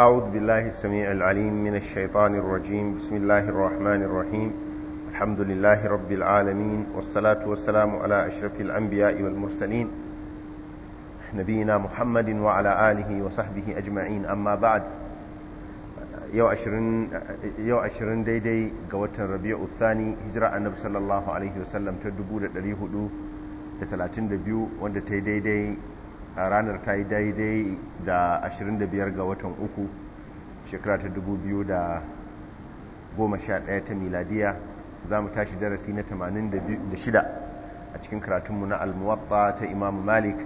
أعوذ بالله السميع العليم من الشيطان الرجيم بسم الله الرحمن الرحيم الحمد لله رب العالمين والصلاة والسلام على أشرف الأنبياء والمرسلين نبينا محمد وعلى آله وصحبه أجمعين أما بعد yau ashirin daidai ga watan rabi'u thani hijira annabi sallallahu alaihi wasallam ta 432 wanda ta yi daidai a ranar ta yi daidai da 25 ga watan uku shekara ta 2011 ta miladiya za mu tashi darasi na 86 a cikin karatunmu na almuwatta ta imamu malik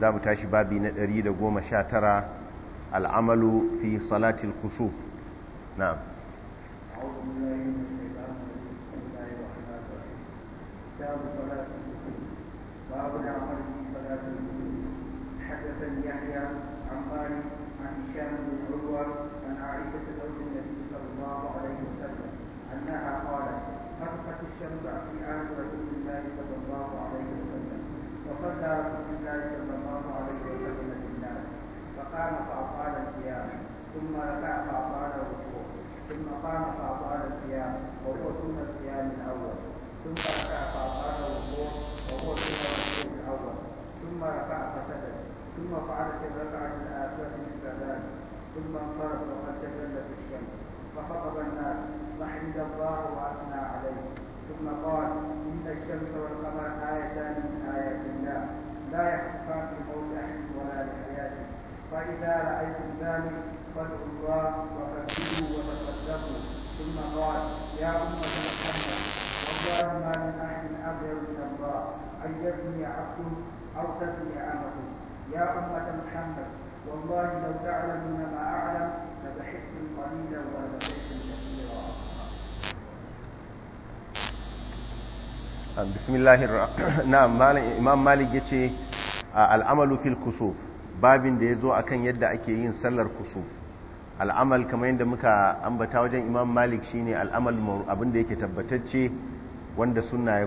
za mu tashi babi na 119 al'amalu fi salatil kusuf na باب صلاة ثم ركع فأطال الركوع ثم قام فأطال القيام وهو سنة القيام الأول ثم ركع فأطال الركوع وهو سنة الركوع الأول ثم ركع فسجد ثم فعل في الركعة الآخرة من ذلك ثم انصرف وقد تجلت الشمس فخطب الناس فحمد الله وأثنى عليه ثم قال إن الشمس والقمر آيتان من آيات الله لا يخفان في موت أحد ولا لحياته فإذا رأيتم ذلك فادعوا الله وكذبوه وتصدقوا ثم قال يا أمة محمد والله ما من أحد أبعد من الله أن يبني عبده أو تبني عمله يا أمة محمد والله لو تعلمون ما أعلم لبحثتم قليلا ولبحثتم كثيرا آه، بسم الله الرحمن نعم امام مالك yace آه، العمل في الكسوف babin da ya zo akan yadda ake yin sallar al'amal kamar yadda muka ambata wajen imam malik shine al'amal abinda yake tabbatacce wanda suna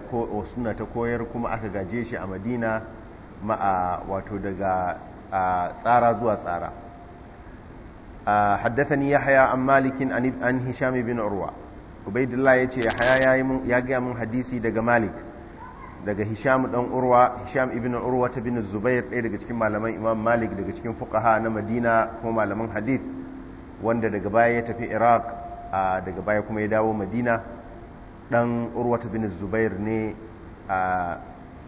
ta koyar kuma aka gaje shi a madina ma'a wato daga tsara zuwa tsara haddathani haya an malikin an hisham bin urwa ubaidullah yace ce ya gaya mun hadisi daga malik daga hisham dan urwa hisham ibn urwa ta bin zubair ɗaya daga cikin malaman imam malik daga cikin fukaha na madina ko malaman hadith wanda daga baya ya tafi iraq daga baya kuma ya dawo madina dan urwata bin zubair ne a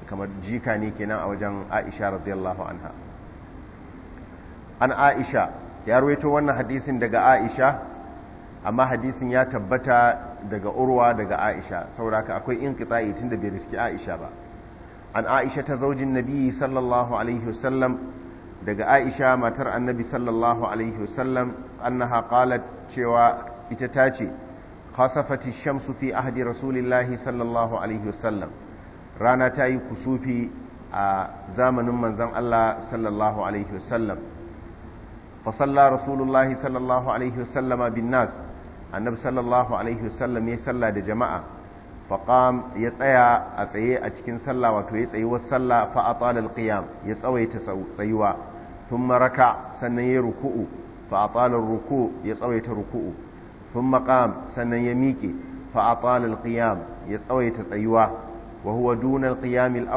kamar jika ne kenan a wajen aisha radiyallahu anha an aisha ya ruwaito wannan hadisin daga aisha amma hadisin ya tabbata daga urwa daga aisha saboda haka akwai in tun da bai riski aisha ba an aisha ta zaujin nabi sallallahu alaihi wasallam daga aisha matar annabi sallallahu alaihi wasallam annaha qalat cewa ita ta ce khasafati shamsu fi ahdi rasulillahi sallallahu alaihi wasallam rana ta yi kusufi a zamanin manzon Allah sallallahu alaihi wasallam fa salla rasulullahi sallallahu alaihi wasallam bin nas annabi sallallahu alaihi wasallam ya salla da jama'a faqam ya tsaya a tsaye a cikin sallah wato ya tsayi wasu sallah fa atala alqiyam ya tsawaita tsayuwa tun maraka sannan ya ruku'u fa'atalar ruku ya tsawaita ruku'u tun maƙam sannan ya miƙe fa'atalar ƙiyam ya tsawaita tsayuwa wa huwa dunar ƙiyamil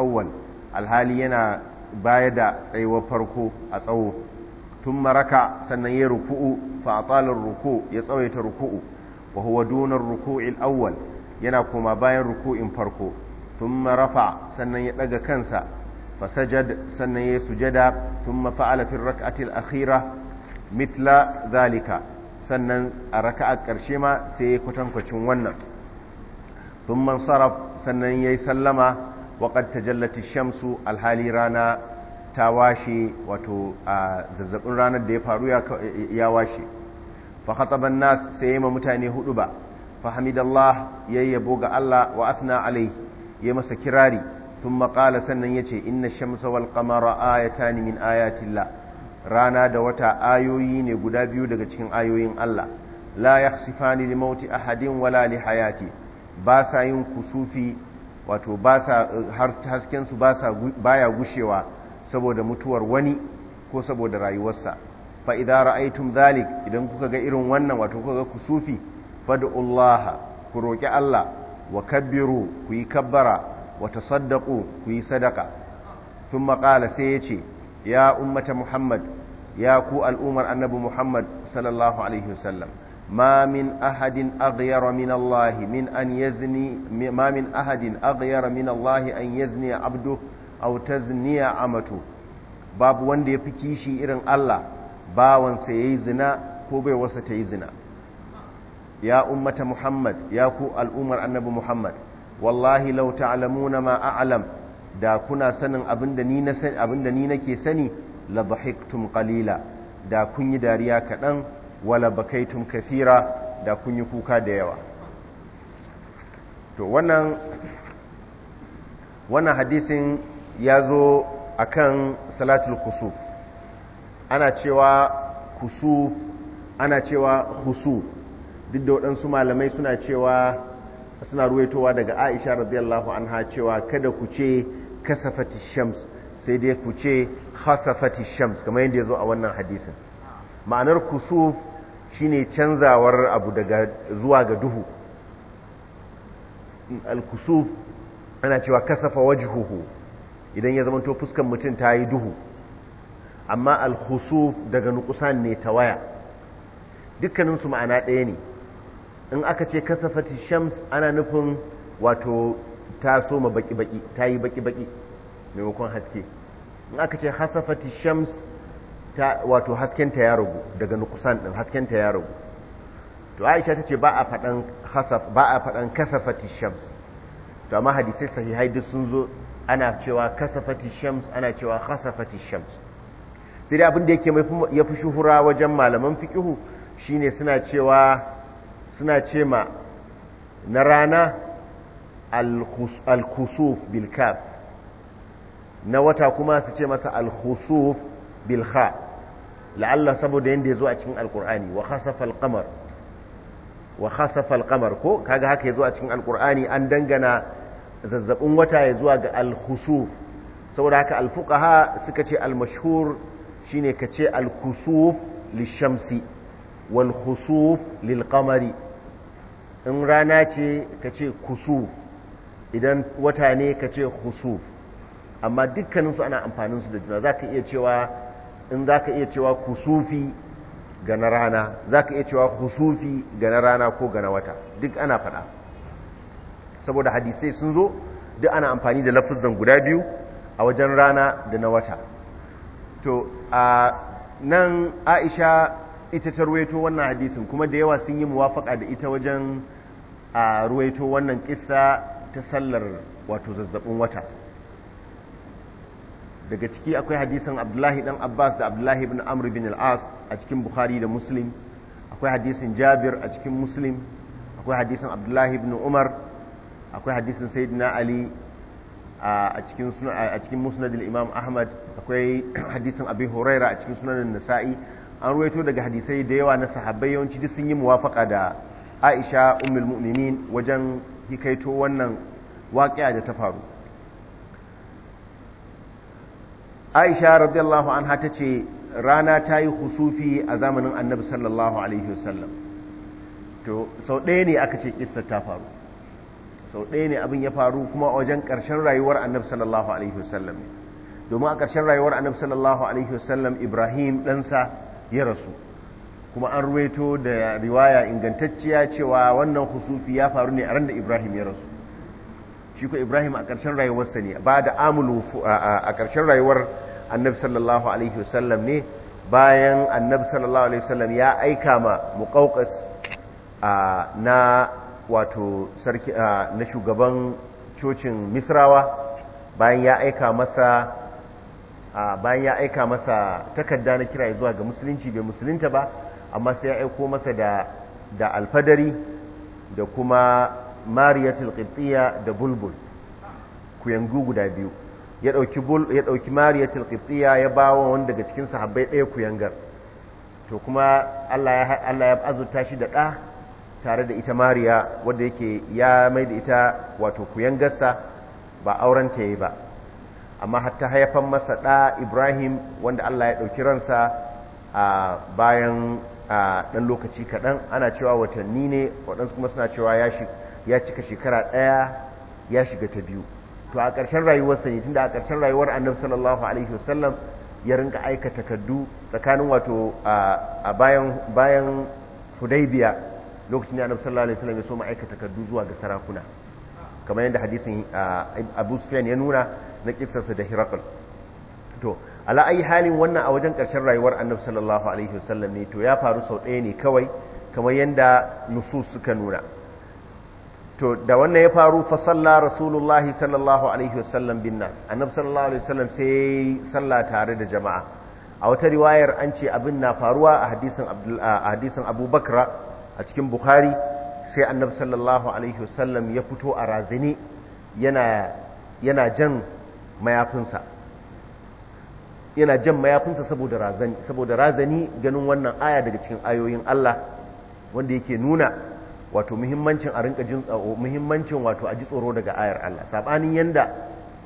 alhali yana baya da tsayuwar farko a tsawo tun maraka sannan ya ruku'u fa'atalar ruku ya tsawaita ruku'u wa huwa dunar ruku'il yana koma bayan ruku'in farko tun marafa sannan ya ɗaga kansa fasajad sannan ya sujada thumma fa'ala fi rak'ati al-akhirah mithla zalika sannan a raka'a ƙarshe ma sai ya kwatankwacin wannan thumma saraf sannan yayi sallama wa qad tajallati shamsu alhali rana ta washe wato zazzabin ranar da ya faru ya washe fa nas sai ma mutane hudu ba fa hamidallah yayyabo ga Allah wa athna alai yayi masa kirari ثم قال سنن يتي إن الشمس والقمر آيتان من آيات الله رانا دوتا آيوين قدا بيو آيوين الله لا يخصفان لموت أحد ولا لحياتي باسا ينكسوفي wato haskensu baya gushewa saboda mutuwar wani ko saboda rayuwarsa fa idza ra'aytum dhalik idan kuka ga irin wannan wato kuka ga kusufi ullaha ku roki Allah wa kabbiru ku yi kabbara wata saddaƙo ku yi sadaka sun maƙala sai ya ce ya ummata muhammad ya ku al'ummar annabi muhammad sallallahu alaihi wasallam ma min ahadin aghyara min allahi an yazni ma min ahadin aghyara min Allah abdu aw tazniya amatu babu wanda ya fi kishi irin Allah bawansa yayi zina ko bai wasa ta yi zina ya ummata muhammad ya ku al'ummar annabi muhammad wallahi lau na ma a'lam da kuna sanin da ni na ke nake sani la dhahiktum qalila da kun yi dariya kaɗan wala bakaitum kathira da kun yi kuka da yawa to wannan wannan hadisin ya zo akan salatul kusuf ana cewa kusuf ana cewa husu duk da waɗansu malamai suna cewa suna ruwaitowa daga aisha radiyallahu anha cewa kada ku ce kasafati shams sai dai ku ce hasafati shams kamar yadda ya zo a wannan hadisin ma'anar kusuf shine canzawar abu daga zuwa ga duhu al-kusuf ana cewa kasafa wajhuhu idan ya zama to fuskan mutum ta yi duhu amma al kusuf daga nukusan ne ta waya dukkaninsu ma'ana ɗaya ne in aka ce kasafati shams ana nufin wato ta soma baki-baki ta yi baki-baki maimakon haske in aka ce hasafati shams wato haskenta ya ragu daga nukusan ɗin haskenta ya ragu to aisha ta ce ba a faɗan kasafati shams to amma hadisai sahihai duk sun zo ana cewa kasafati shams ana cewa hasafati shams sai dai abin da yake ya fi shuhura wajen malaman fikihu shine suna cewa suna ce ma na rana al-khusuf bilkaf na wata kuma su ce masa al-khusuf bilha la'alla saboda yadda ya zo a cikin wa khasafa al-qamar wa khasafa al-qamar ko kaga haka ya zo a cikin al alkur'ani an dangana zazzabin wata ya zuwa ga al-khusuf saboda haka al-fuqaha suka ce al-mashhur shine kace al-khusuf lishamsi wal khusuf lil qamari in rana ce ka ce kusuf idan wata ne ka ce khusuf amma dukkaninsu ana amfanin su da juna ka iya cewa in za ka iya cewa kusufi ga rana za ka iya cewa kusufi ga rana ko ga wata duk ana faɗa saboda hadisai sun zo duk ana amfani da lafizan guda biyu a wajen rana da na wata to a nan aisha ita ta ruwaito wannan hadisin kuma da yawa sun yi muwafaka da ita wajen a ruwaito wannan kisa ta sallar wato zazzabin wata daga ciki akwai hadisin abdullahi dan abbas da abdullahi ibn amr bin al-as a cikin bukhari da muslim akwai hadisin jabir a cikin muslim akwai hadisin abdullahi ibn umar akwai hadisin sayyidina ali a cikin musnad imam ahmad akwai hadisin abi huraira a cikin sunan nasa'i an ruwaito daga hadisai da yawa na sahabbai yawanci duk sun yi muwafaka da aisha ummul mu'minin wajen hikaito wannan waƙiya da ta faru aisha radiyallahu anha ta ce rana ta yi husufi a zamanin annabi sallallahu alaihi wasallam to sau ɗaya ne aka ce kissa ta faru sau ɗaya ne abin ya faru kuma a wajen ƙarshen rayuwar annabi sallallahu alaihi wasallam domin a ƙarshen rayuwar annabi sallallahu alaihi wasallam ibrahim ɗansa ya rasu kuma an ruwaito da riwaya ingantacciya cewa wannan husufi ya faru ne a ran da ibrahim ya rasu shi ko ibrahim a ƙarshen rayuwarsa ne ba da amulu a ƙarshen rayuwar annabi sallallahu alaihi wasallam ne bayan annabi sallallahu alaihi wasallam ya aika ma muƙauƙas na wato sarki na shugaban cocin misrawa bayan ya aika masa a bayan ya aika masa takarda na kira zuwa ga musulunci bai musulunta ba amma sai ya aiko masa da da alfadari da kuma mariyatul qibtiyya da bulbul kuyangu guda biyu ya dauki bul ya dauki mariyatul qibtiyya wanda daga cikin sahabbai ɗaya kuyangar to kuma Allah ya Allah ya azurta shi da ɗa tare da ita mariya wanda yake ya mai da ita wato kuyangarsa ba auren ta yi ba amma hatta haifan masa ɗa ibrahim wanda allah ya ɗauki ransa a bayan ɗan lokaci kaɗan ana cewa watanni ne waɗansu kuma suna cewa ya cika shekara ɗaya ya shiga ta biyu to a ƙarshen rayuwarsa ne tunda a ƙarshen rayuwar annabi sallallahu alaihi wasallam ya rinka aika takaddu tsakanin wato a bayan bayan hudaybiya lokacin da annabi sallallahu alaihi wasallam ya so mu aika takaddu zuwa ga sarakuna kamar yadda hadisin abu sufyan ya nuna na kissarsa da hirakul to ala ayi halin wannan a wajen ƙarshen rayuwar annabi sallallahu alaihi wasallam ne to ya faru sau ɗaya ne kawai kamar yadda nusus suka nuna to da wannan ya faru fa salla rasulullah sallallahu alaihi wasallam bin nas annabi sallallahu alaihi wasallam sai salla tare da jama'a a wata riwayar an ce abin na faruwa a hadisin a hadisin abubakra a cikin bukhari sai annabi sallallahu alaihi wasallam ya fito a razini yana yana jan mayafinsa yana jan mayafinsa saboda razani saboda razani ganin wannan aya daga cikin ayoyin Allah wanda yake nuna wato muhimmancin a rinka jin muhimmancin wato a ji tsoro daga ayar Allah sabanin yanda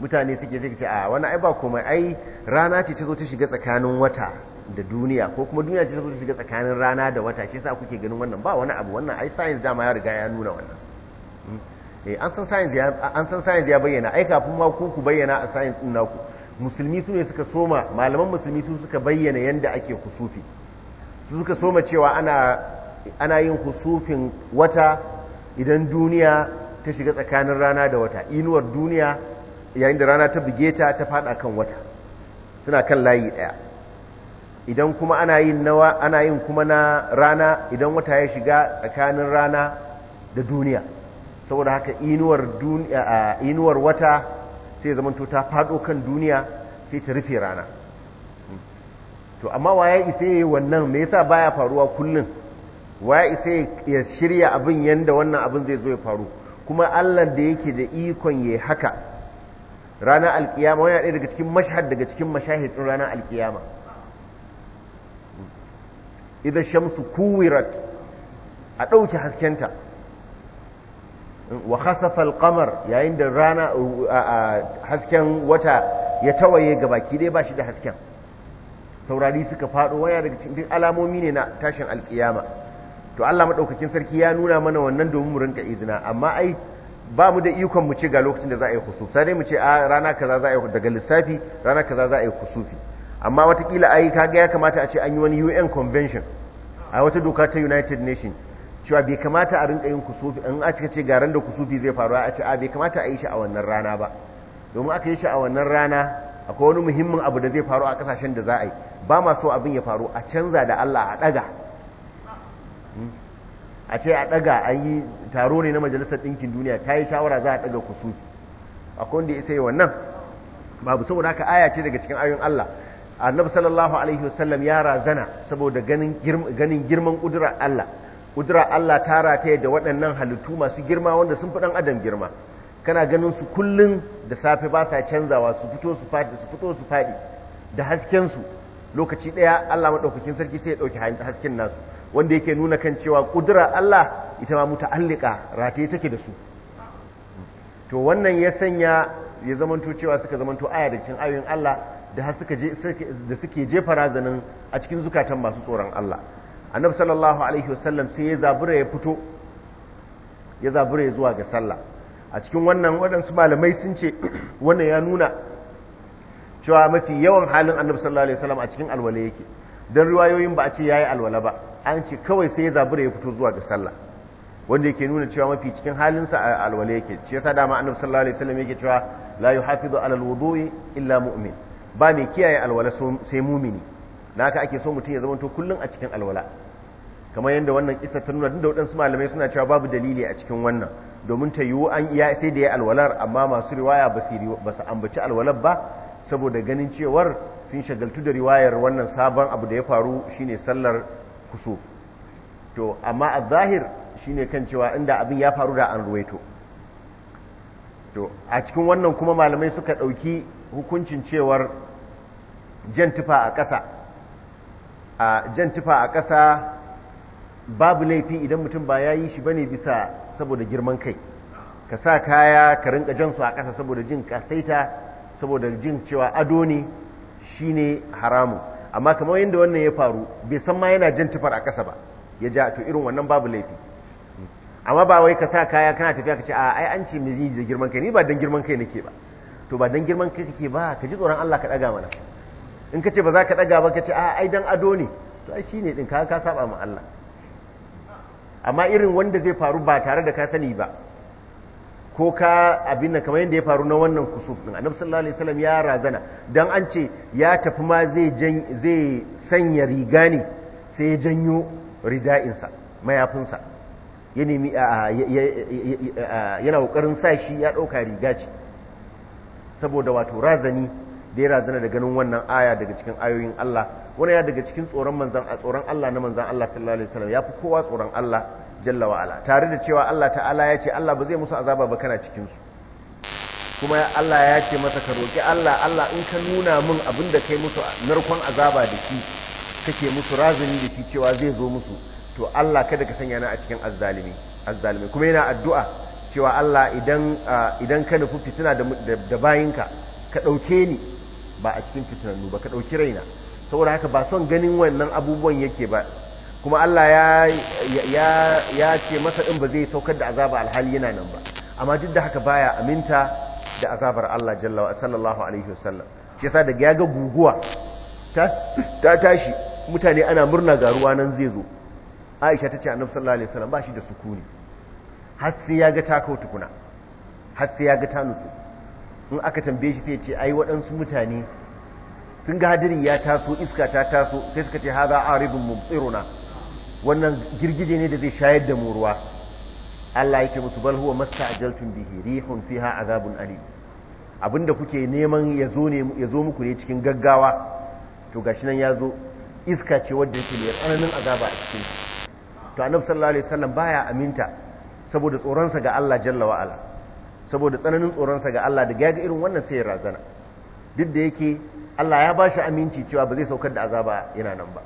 mutane suke suke ce a wani ai ba komai ai rana ce ta zo ta shiga tsakanin wata da duniya ko kuma duniya ce ta zo ta shiga tsakanin rana da wata shi yasa kuke ganin wannan ba wani abu wannan ai science dama ya riga ya nuna wannan Eh, an san science ya bayyana ai kafin ma ku ku bayyana a science din naku musulmi su ne suka soma malaman musulmi su suka bayyana yanda ake kusufi su suka soma cewa ana ana yin kusufin wata idan duniya ta shiga tsakanin rana da wata inuwar duniya yayin da rana ta buge ta ta fada kan wata suna kan layi daya idan kuma ana yin nawa ana yin kuma na rana idan wata ya shiga tsakanin rana da duniya saboda haka inuwar wata sai zamanto ta fado kan duniya sai ta rufe rana to amma waya isa yi wannan me yasa baya faruwa kullum waya isa ya shirya abin yadda wannan abin zai zo ya faru kuma allah da yake da ikon ya haka ranar alkiyama wani ɗaya daga cikin mashahad daga cikin mashahidin ranar alkiyama idan shamsu kuwirat a ɗauki haskenta wa khasafa al-qamar yayin da rana hasken wata ya tawaye gabaki dai bashi da hasken taurari suka fado waya daga cikin alamomi ne na tashin alkiyama to Allah madaukakin sarki ya nuna mana wannan domin mu rinka izina amma ai ba mu da ikon mu ce ga lokacin da za a yi kusufi dai mu ce a rana kaza za a yi daga lissafi rana kaza za a yi kusufi amma watakila ai kaga ya kamata a ce an yi wani UN convention a wata doka ta United Nations cewa bai kamata a rinka yin kusufi in a cika ce garan da kusufi zai faru a ce a bai kamata a yi shi a wannan rana ba domin aka yi shi a wannan rana akwai wani muhimmin abu da zai faru a kasashen da za a yi ba ma so abin ya faru a canza da Allah a daga hmm? a ce a daga an yi taro ne na majalisar ɗinkin duniya ta yi shawara za a daga kusufi akwai wanda ya yi wannan babu saboda haka aya ce daga cikin ayoyin Allah annabi sallallahu alaihi wasallam ya razana saboda ganin girman ƙudurar Allah ƙudura Allah ta rataye da waɗannan halittu masu girma wanda sun fi ɗan adam girma kana ganin su kullum da safe ba sa canzawa su fito su faɗi su fito su faɗi da haskensu lokaci ɗaya Allah maɗaukakin sarki sai ya ɗauki hasken nasu wanda yake nuna kan cewa ƙudura Allah ita ma muta'allika rataye take da su to wannan ya sanya ya zamanto cewa suka zamanto aya da cikin ayoyin Allah da suke jefa razanin a cikin zukatan masu tsoron Allah annabi sallallahu alaihi wasallam sai ya zabura ya fito ya zabura ya zuwa ga sallah a cikin wannan waɗansu malamai sun ce wannan ya nuna cewa mafi yawan halin annabi sallallahu alaihi wasallam a cikin alwala yake don riwayoyin ba a ce yayi alwala ba an ce kawai sai ya zabura ya fito zuwa ga sallah wanda yake nuna cewa mafi cikin halinsa a alwala yake shi yasa dama annabi sallallahu alaihi wasallam yake cewa la yuhafizu ala alwudu'i illa mu'min ba mai kiyaye alwala sai mumini naka ake so mutum ya zama to kullun a cikin alwala kamar yadda wannan kisa ta nuna da waɗansu malamai suna cewa babu dalili a cikin wannan domin ta yiwu an iya sai da ya alwalar amma masu riwaya ba su ambaci alwalar ba saboda ganin cewar sun shagaltu da riwayar wannan sabon abu da ya faru shine sallar kuso to amma a zahir shine kan cewa inda abin ya faru da an ruwaito to a cikin wannan kuma malamai suka ɗauki hukuncin cewar jan a jan tufa a ƙasa babu laifi idan mutum ba ya yi shi bane bisa saboda girman kai ka sa kaya ka rinka jan su a ƙasa saboda jin kasaita saboda jin cewa ado ne shi ne haramun amma kamar yadda wannan ya faru bai san ma yana jan tufar a ƙasa ba ya ja to irin wannan babu laifi amma ba wai ka sa kaya kana tafiya ka ce a ai an ce mai yi da girman kai ni ba dan girman kai nake ba to ba dan girman kai kake ba ka ji tsoron Allah ka daga mana in ka ce ba za ka daga ba ka ce a ai dan ado ne to ai shine din ka ka saba ma Allah amma irin wanda zai faru ba tare da ka sani ba ko ka abin da kamar yadda ya faru na wannan kusuf din annabi sallallahu alaihi wasallam ya razana dan an ce ya tafi ma zai sanya riga ne sai ya janyo rida'insa mayafinsa yana kokarin sa shi ya ɗauka riga ce saboda wato razani da ya razana da ganin wannan aya daga cikin ayoyin Allah wani ya daga cikin tsoron manzan a tsoron Allah na manzan Allah sallallahu alaihi wasallam yafi kowa tsoron Allah jalla wa tare da cewa Allah ta'ala ya ce Allah ba zai musu azaba ba kana cikin su kuma Allah ya ce masa ka roki Allah Allah in ka nuna min abin da kai musu narkon azaba da shi kake musu razani da shi cewa zai zo musu to Allah kada ka sanya na a cikin azzalimi azzalimi kuma yana addu'a cewa Allah idan idan ka nufi fitina da bayinka ka ɗauke ni ba a cikin fitarannu ba ka ɗauki raina saboda haka ba son ganin wannan abubuwan yake ba kuma Allah ya ce masa ɗin ba zai saukar da azabar alhali yana nan ba amma duk da haka baya aminta da azabar Allah jallawa sallallahu alaihi wasallam shi yasa daga yaga guguwa ta tashi mutane ana murna ga ruwa nan zai zo Aisha ta tace a sallallahu alaihi wasallam ba shi da sukuni har sai ga ta tukuna har sai in aka tambaye shi sai ce ai waɗansu mutane sun ga hadirin ya taso iska ta taso sai suka ce haza ribin mumtsiruna wannan girgije ne da zai shayar da mu ruwa Allah yake musu bal huwa masta'jaltum bihi rihun fiha azabun ali abinda kuke neman ya zo ne ya zo muku ne cikin gaggawa to gashi nan ya zo iska ce wadda yake mai tsananin azaba a cikin to annabi sallallahu alaihi wasallam baya aminta saboda tsoronsa ga Allah jalla wa ala saboda tsananin tsoronsa ga Allah da gaga irin wannan sai ya razana duk da yake Allah ya ba shi aminci cewa ba zai saukar da azaba yana nan ba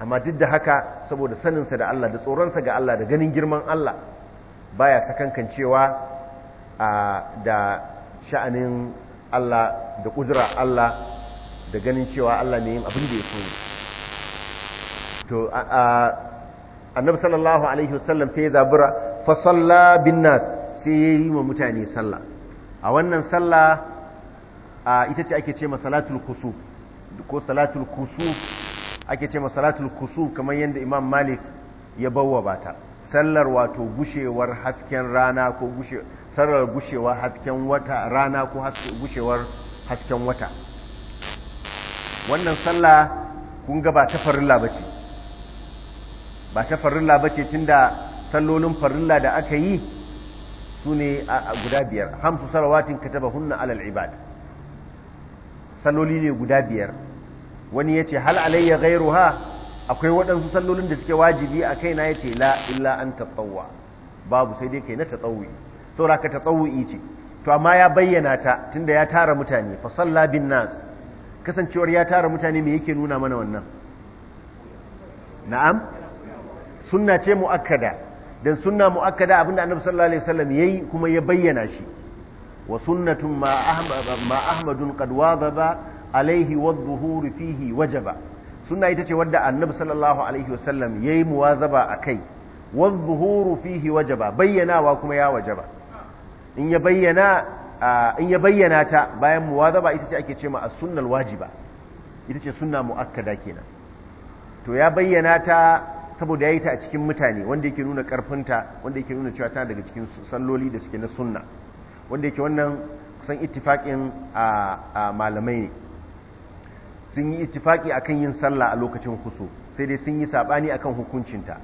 amma duk da haka saboda saninsa da Allah da tsoronsa ga Allah da ganin girman Allah baya sakankan cewa da sha'anin Allah da kudura Allah da ganin cewa Allah ne yin abin da ya so to annabi sallallahu alaihi wasallam sai ya zabura fa salla bin nas sai ya yi wa mutane sallah a wannan sallah a ita ce ake ce masalatul kusuf ko salatul kusuf ake ce masalatul kusuf kamar yadda imam malik ya bawa bata sallar wato gushewar hasken rana ko sallar gushewar hasken wata rana ko gushewar hasken wata wannan sallah kun ga ba ta farilla ba ce ba ta farilla ba ce tun da sallolin farilla da aka yi su ne guda biyar hamsu salawatin kataba hunna alal ibad saloli ne guda biyar wani ya ce hal alayya gairu ha akwai waɗansu salolin da suke wajibi a na ya ce la illa an tatsawwa babu sai dai kai na tatsawwi saura ka tatsawwi ce to amma ya bayyana ta tunda ya tara mutane fa salla bin nas kasancewar ya tara mutane me yake nuna mana wannan na'am sunna ce mu'akkada dan sunna muakkada abinda annabi sallallahu alaihi wasallam yayi kuma ya bayyana shi wa sunnatun ma ahmad ma ahmadun qad wadaba alaihi wadhuhur fihi wajaba sunna ita ce wadda annabi sallallahu alaihi wasallam yayi muwazaba akai wadhuhur fihi wajaba bayyanawa kuma ya wajaba in ya bayyana in ya bayyana ta bayan muwazaba ita ce ake cewa as-sunnal wajiba ita ce sunna muakkada kenan to ya bayyana ta saboda ya yi ta a cikin mutane wanda yake nuna karfinta wanda yake nuna cewa tana daga cikin salloli da suke na sunna wanda yake wannan kusan ittifaƙin a malamai ne sun yi a akan yin sallah a lokacin husu sai dai sun yi saɓani akan hukuncinta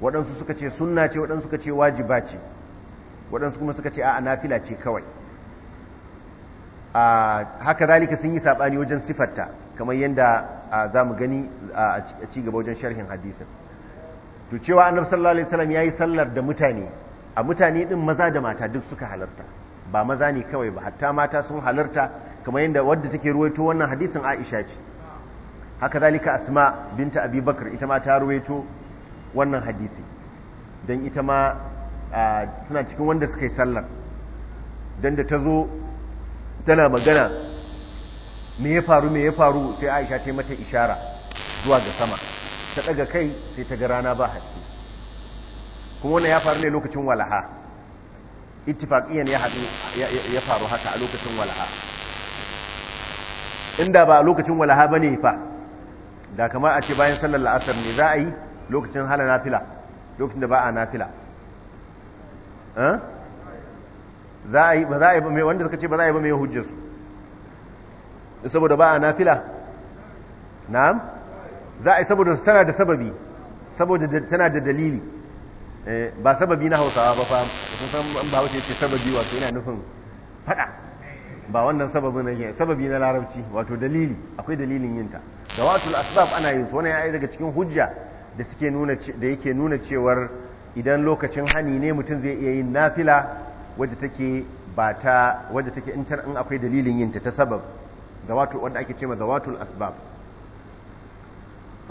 waɗansu suka ce sunna ce waɗansu suka ce wajiba ce waɗansu kuma suka ce a nafila ce kawai haka zalika sun yi saɓani wajen sifarta kamar yadda za mu gani a cigaba wajen sharhin hadisin to cewa annabi sallallahu alaihi wasallam yayi sallar da mutane a mutane din maza da mata duk suka halarta ba maza ne kawai ba hatta mata sun halarta kamar yadda wadda take ruwaito wannan hadisin Aisha ce haka zalika Asma binta Abi Bakr ita ma ta ruwaito wannan hadisi dan ita ma suna cikin wanda suka yi sallar dan da tazo tana magana me ya faru me ya faru sai Aisha ta mata ishara zuwa ga sama ta daga kai sai ta ga rana ba haske kuma wannan ya faru ne lokacin walaha ittifaqiyan ya hadu ya faru haka a lokacin walaha inda ba a lokacin walaha bane fa da kamar a ce bayan sallar la'asar ne za a yi lokacin hala nafila lokacin da ba a nafila za ba za a yi ba wanda suka ce ba za a yi ba mai hujjarsu saboda ba a nafila na'am za a yi saboda tana da sababi saboda tana da dalili eh, ba sababi na hausawa ba fa sun san an ba wuce ce sababi wato yana nufin fada ba wannan sababi na yin sababi na larabci wato dalili akwai dalilin yinta da wato asbab ana yin su wani ya daga cikin hujja da suke nuna da yake nuna cewar idan lokacin hani ne mutum zai iya yin nafila wadda take ba ta wadda take in akwai dalilin yinta ta sabab da wato wanda ake cewa da asbab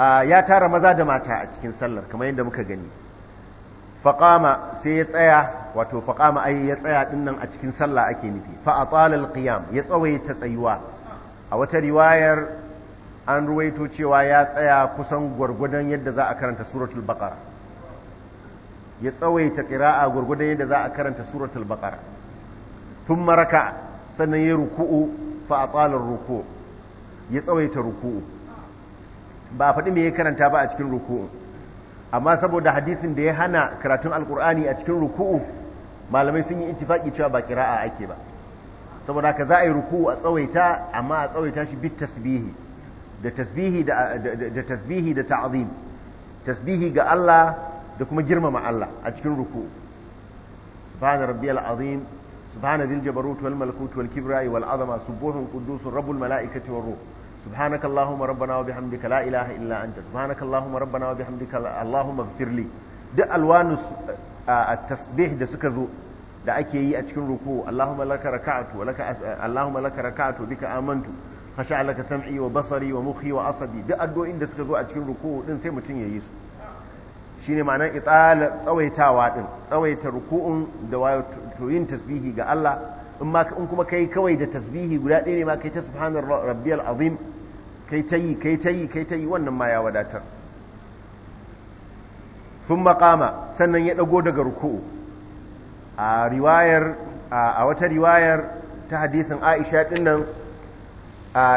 ya tara maza da mata a cikin sallar kamar yadda muka gani faƙama sai ya tsaya wato faƙama ai ya tsaya dinnan a cikin sallah ake nufi Fa fa'atalal qiyam ya tsawaita tsayuwa a wata riwayar an ruwaito cewa ya tsaya kusan gurgudan yadda za a karanta suratul baqara ya tsawaita qira'a gurgudan yadda za a karanta suratul baqara thumma raka'a sannan ya ruku'u fa fa'atalar ruku' ya tsawaita ruku'u ba a faɗi me ya karanta ba a cikin ruku'u amma saboda hadisin da ya hana karatun alkur'ani a cikin ruku'u malamai sun yi ittifaki cewa ba kira'a ake ba saboda haka za a yi ruku'u a tsawaita amma a tsawaita shi bit tasbihi da tasbihi da tasbihi da ta'zim tasbihi ga Allah da kuma girmama Allah a cikin ruku'u subhana rabbiyal azim subhana dhil jabarut wal malakut wal kibriya wal azama subuhun quddus rabbul malaikati war سبحانك اللهم ربنا وبحمدك لا إله إلا أنت سبحانك اللهم ربنا وبحمدك اللهم اغفر لي duk alwanu at-tasbih da suka zo da ake yi a cikin ruku Allahumma laka laka Allahumma laka raka'tu bika amantu khasha'a laka sam'i a basari a mukhi a asabi duk addu'o'in da suka zo a cikin ruku din sai ya yi su shine maana itala tsawaitawa din tsawaita ruku'un da wayo to tasbihi ga Allah in in kuma kai kawai da tasbihi guda ɗaya ne ma kai ta subhanar rabbiyal azim kai ta yi kai ta yi kai ta yi wannan ma ya wadatar sun makama sannan ya ɗago daga ruku'u a riwayar a wata riwayar ta hadisin aisha nan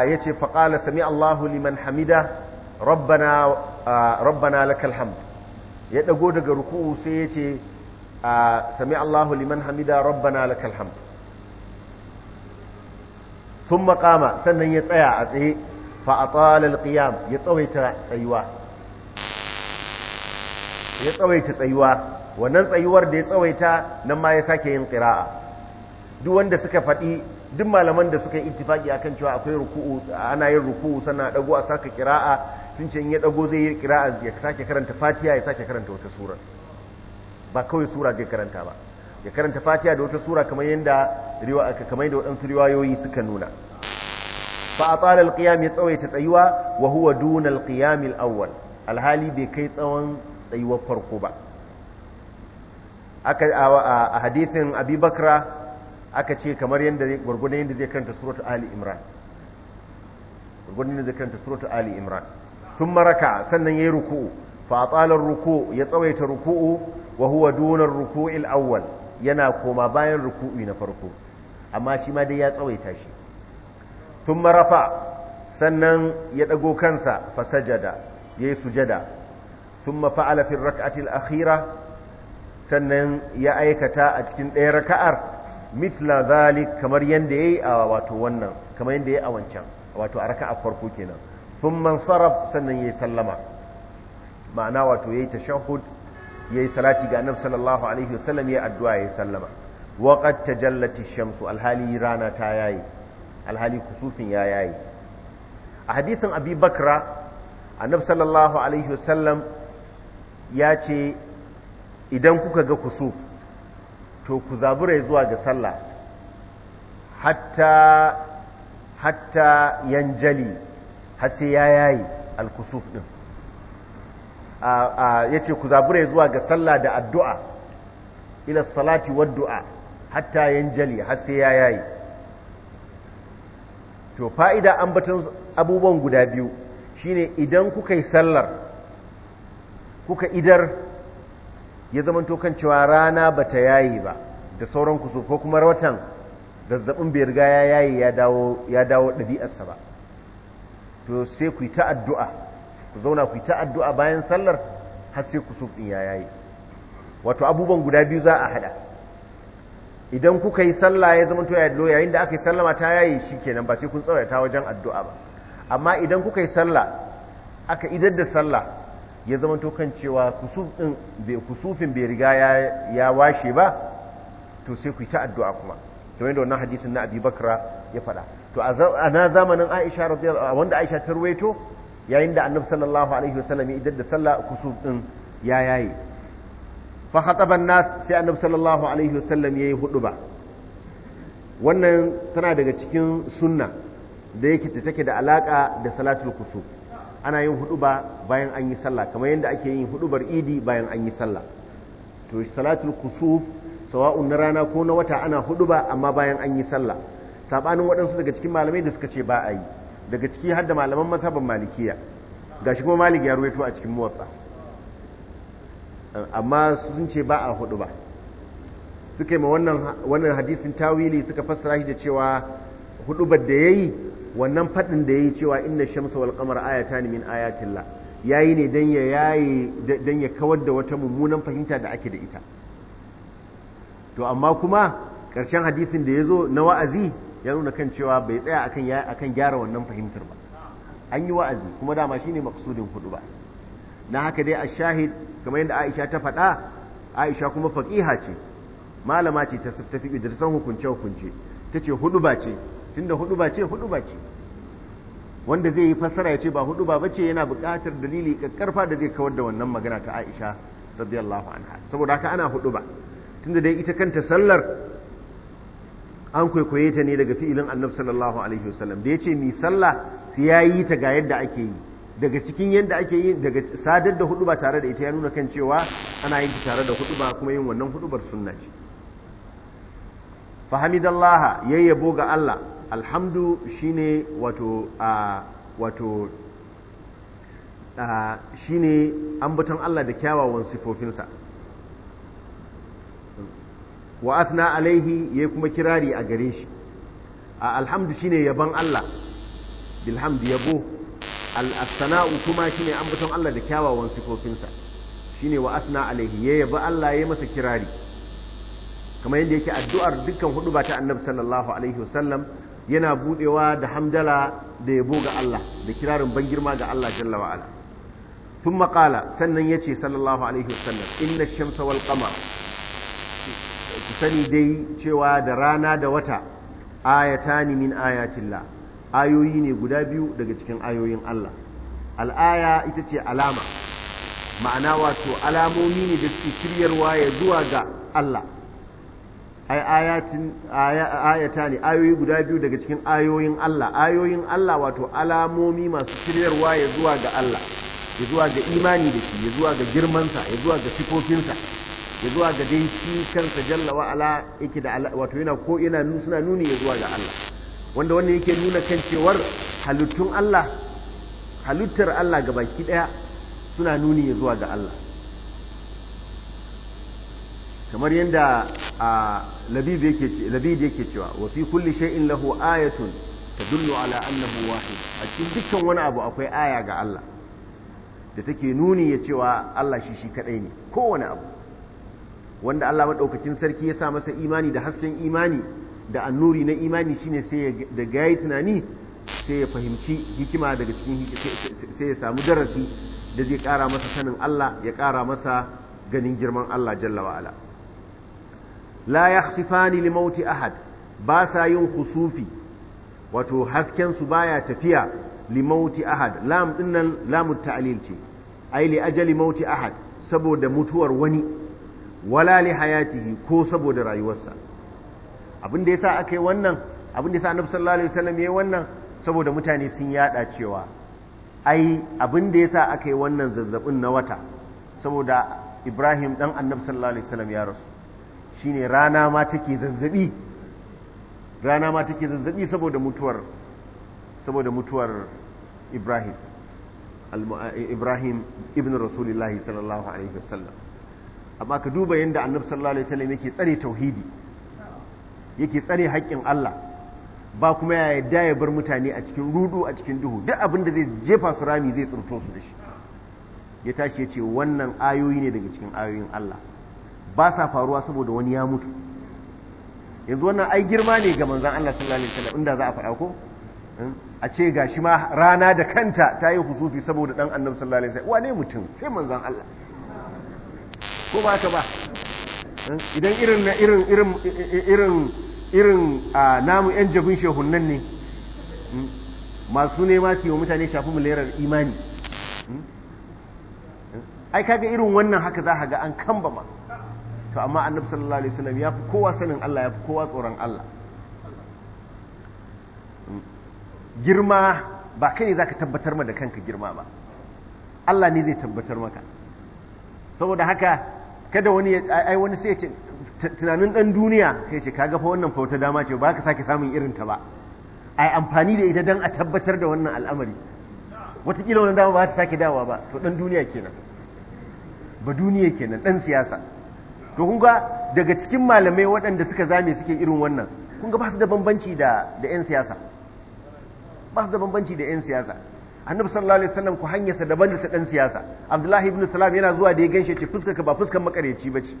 ya ce faƙala sami allahu liman hamida rabbana lakal hamd ya ɗago daga ruku'u sai ya ce sami allahu liman hamida rabbana lakal hamd sun makama sannan ya tsaya a tsaye فأطال القيام يطويت ya tsawaita tsayuwa wannan tsayuwar da ya tsawaita nan ma ya sake yin ƙira'a duk wanda suka faɗi duk malaman da suka yi ittifaki akan cewa akwai ruku'u ana yin ruku'u sannan a dago a sake ƙira'a sun ce in ya dago zai yi ƙira'a ya sake karanta fatiya ya sake karanta wata sura ba kawai sura zai karanta ba ya karanta fatiya da wata sura kamar yadda kamar yadda waɗansu riwayoyi suka nuna fa atala alqiyam ya tsawaita tsayuwa wa huwa duna alqiyam alawwal alhali bai kai tsawon tsayuwar farko ba aka a hadithin abubakra aka ce kamar yadda gurgurdan yadda zai kanta suratul ali imran gurgurdan yadda zai kanta suratul ali imran thumma maraka, sannan ya yi ruku'u fa atala ruku'u ya tsawaita ruku'u wa huwa duna ruku'il awwal yana koma bayan ruku'i na farko amma shi ma dai ya tsawaita shi sun marafa sannan ya ɗago kansa fasajada ya yi sujada sun mafa'ala fi raka'atil akhira sannan ya aikata a cikin ɗaya raka'ar mitla zalik kamar yadda ya yi a wato wannan kamar yadda ya yi a wancan wato a raka'a farko kenan sun man sarraf sannan ya yi sallama ma'ana wato ya yi ta tashahud ya yi salati ga annabi sallallahu alaihi wasallam ya yi addu'a ya yi sallama ta jallati shamsu alhali rana ta yayi alhali kusufin ya yayi a hadisin abi bakra annab sallallahu alaihi wasallam ya ce idan kuka ga kusuf to ku zabura zuwa ga sallah hatta hatta yanjali har sai ya yayi alkusuf din ya ce ku zabura zuwa ga sallah da addu'a ila salati wa du'a hatta yanjali har sai ya yayi to fa'ida ambaton abubuwan guda biyu shine idan kuka yi sallar kuka idar ya zama tokan cewa rana ba ta yayi ba da sauran kusur ko kuma watan zazzabin bai riga ya yayi ya dawo ɗabi'arsa ba to sai ku yi ta ku zauna ku yi ta bayan sallar har sai kusuf ɗin ya yayi wato abubuwan guda biyu za a haɗa idan kuka yi sallah ya zama to ya dalo yayin da aka yi sallama ta yayi shi kenan ba sai kun tsawaita wajen addu'a ba amma idan kuka yi sallah aka idar da sallah ya zama to kan cewa kusufin bai riga ya washe ba to sai ku yi ta addu'a kuma kamar yadda wannan hadisin na abi bakra ya faɗa to a na zamanin aisha wanda aisha ta ruwaito yayin da annabi sallallahu alaihi wasallam ya idar da sallah kusuf ya yaye fa khataban nas sai annabi sallallahu alaihi wasallam yayi huduba wannan tana daga cikin sunna da yake ta take da alaka da salatul kusuf ana yin huduba bayan an yi sallah kamar yadda ake yin hudubar idi bayan an yi sallah to salatul kusuf sawa'un na rana ko na wata ana huduba amma bayan an yi sallah sabanin waɗansu daga cikin malamai da suka ce ba a yi daga ciki har da malaman mazhaban malikiya gashi kuma malik ya ruwaito a cikin muwatta amma sun ce ba a hudu ba suka yi ma wannan hadisin tawili suka fassara shi da cewa hudubar da ya yi wannan fadin da ya yi cewa inna shamsa wal ayata ne min ya yayi ne don ya kawar da wata mummunan fahimta da ake da ita to amma kuma ƙarshen hadisin da ya zo na wa'azi ya nuna kan cewa bai tsaya akan gyara wannan fahimtar ba an yi wa'azi kuma dama shi ne maksudin hudu ba Na haka dai a shahid kamar yadda Aisha ta faɗa Aisha kuma faƙiha ce malama ce ta ta da san hukunce hukunce ce hudu ba ce tunda hudu ba ce hudu ba ce wanda zai yi fassara ya ce ba hudu ba ce yana buƙatar dalili ƙaƙƙarfa da zai kawar da wannan magana ta Aisha radiyallahu anha saboda haka ana hudu ba tunda dai ita kanta sallar an kwaikwaye ta ne daga fi'ilin annabi sallallahu alaihi wasallam da ce mi sallah sai yayi ta ga yadda ake yi daga cikin yadda ake yi daga sadar da hudu ba tare da ita ya nuna kan cewa ana yin tare da hudu ba kuma yin wannan hudu bar sunna ce fahimidallah ya yabo ga Allah alhamdu shine wato a wato a shine ambaton Allah da kyawawan sifofinsa wa athna alaihi ya kuma kirari a gare shi alhamdu shine yabon Allah bilhamdu yabo al-sana'u kuma shine ambaton Allah da kyawawan sifofinsa shine wa asna alaihi yayi ba Allah ya masa kirari kamar yadda yake addu'ar dukkan hudu ba ta annabi sallallahu alaihi wasallam yana budewa da hamdala da yabo ga Allah da kirarin ban girma ga Allah jalla wa ala thumma qala sannan yace sallallahu alaihi wasallam inna shamsa wal qamar ku sani dai cewa da rana da wata ayatani min ayatillah ayoyi ne guda biyu daga cikin ayoyin Allah al'aya ita ce alama ma'ana wato alamomi ne da suke shiryarwa ya zuwa ga Allah ai ayatin ayata ne ayoyi guda biyu daga cikin ayoyin Allah ayoyin Allah wato alamomi masu shiryarwa ya zuwa ga Allah ya zuwa ga imani da shi ya zuwa ga girmansa ya zuwa ga sifofinsa ya zuwa ga dai shi kansa jalla wa'ala yake da wato yana ko yana suna nuni ya zuwa ga Allah wanda wannan yake nuna kan cewar halittun Allah halittar Allah ga baki ɗaya suna nuni zuwa ga Allah kamar yadda a labib yake labib yake cewa wa fi kulli shay'in lahu ayatun tadullu ala annahu wahid a cikin dukkan wani abu akwai aya ga Allah da take nuni ya cewa Allah shi shi kadai ne kowane abu wanda Allah madaukakin sarki ya sa masa imani da hasken imani da annuri na imani shine sai da gayi tunani sai ya fahimci hikima daga cikin sai ya samu darasi da zai kara masa sanin Allah ya kara masa ganin girman Allah jalla wa ala la yakhsifani li mauti ahad ba sa yin khusufi wato hasken su baya tafiya li mauti ahad lam dinnan lamu ta'lil ce ai li ajali mauti ahad saboda mutuwar wani wala li hayatihi ko saboda rayuwarsa abin da sa aka yi wannan abin da sa annabi sallallahu alaihi wasallam yayi wannan saboda mutane sun yada cewa ai abin da sa aka yi wannan zazzabin na wata saboda Ibrahim dan annabi sallallahu alaihi wasallam ya rasu shine rana ma take zazzabi rana ma take zazzabi saboda mutuwar saboda mutuwar Ibrahim Ibrahim ibn Rasulullahi sallallahu alaihi wasallam amma ka duba yadda annabi sallallahu alaihi wasallam yake tsare tauhidi yake tsare haƙƙin Allah ba kuma ya yarda ya bar mutane a cikin rudu a cikin duhu duk abin da zai jefa su rami zai tsirto su da shi ya tashi ya ce wannan ayoyi ne daga cikin ayoyin Allah ba sa faruwa saboda wani ya mutu yanzu wannan ai girma ne ga manzan Allah sallallahu alaihi wasallam inda za a faɗa ko hmm? a ce shi ma rana da kanta ta yi husufi saboda dan annabi sallallahu alaihi wasallam wane mutum sai manzan Allah ko ba ka ba hmm? idan irin na irin irin irin irin namu yan jabin shehunan ne hmm? masu nema su wa mutane shafi mulerar imani hmm? ai kaga irin wannan haka za ga an kambama to amma annabi sallallahu alaihi wasallam ya fi kowa sanin Allah ya fi kowa tsoron Allah hmm? girma ba kai ne zaka tabbatar ma da kanka girma ba Allah ne zai tabbatar maka saboda haka kada wani ai wani sai ya ce tunanin ɗan duniya sai ce kaga fa wannan fa wata dama ce ba ka sake samun irin ta ba yi amfani da ita don a tabbatar da wannan al'amari watakila wani dama ba ta sake dawa ba to ɗan duniya kenan ba duniya kenan ɗan siyasa to kun ga daga cikin malamai waɗanda suka zame suke irin wannan kun ga ba su da bambanci da yan siyasa ba su da bambanci da yan siyasa annabi sallallahu alaihi wasallam ku hanyarsa daban da ta ɗan siyasa abdullahi ibn salam yana zuwa da ya ganshe ce fuskar ka ba fuskar makareci bace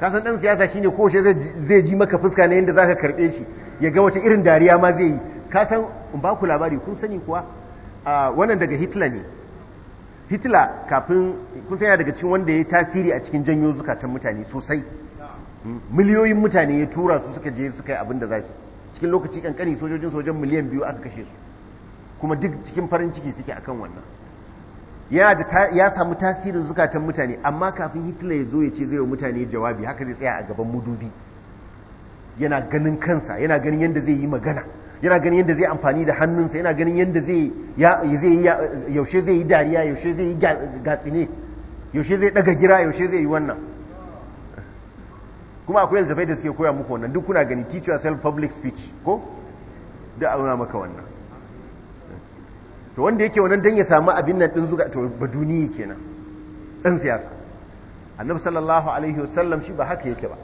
kasan dan siyasa shine ko shi zai ji maka fuska na yadda zaka karɓe shi ya ga wace irin dariya ma zai yi kasan in ba ku labari kun sani kuwa wannan daga hitler ne hitler kafin kun sani daga cikin wanda ya tasiri a cikin janyo zukatan mutane sosai hmm, miliyoyin mutane ya tura su suka je suka yi abin da za su cikin lokaci kankani sojojin sojan miliyan biyu aka kashe su kuma duk cikin farin ciki suke akan wannan ya samu tasirin zukatan mutane amma kafin hitler ya zo ya ce zai wa mutane jawabi haka zai tsaya a gaban mudubi yana ganin kansa yana ganin yadda zai yi magana yana ganin yadda zai amfani da hannunsa yana ganin yadda zai yaushe zai yi dariya yaushe zai yi gatsine yaushe zai daga gira yaushe zai yi wannan kuma akwai yanzu da suke koya muku wannan duk kuna gani teach yourself public speech ko da auna maka wannan to wanda yake wannan dan ya samu abin nan din zuga to ba duniya kenan dan siyasa annabi sallallahu alaihi wasallam shi ba haka yake ba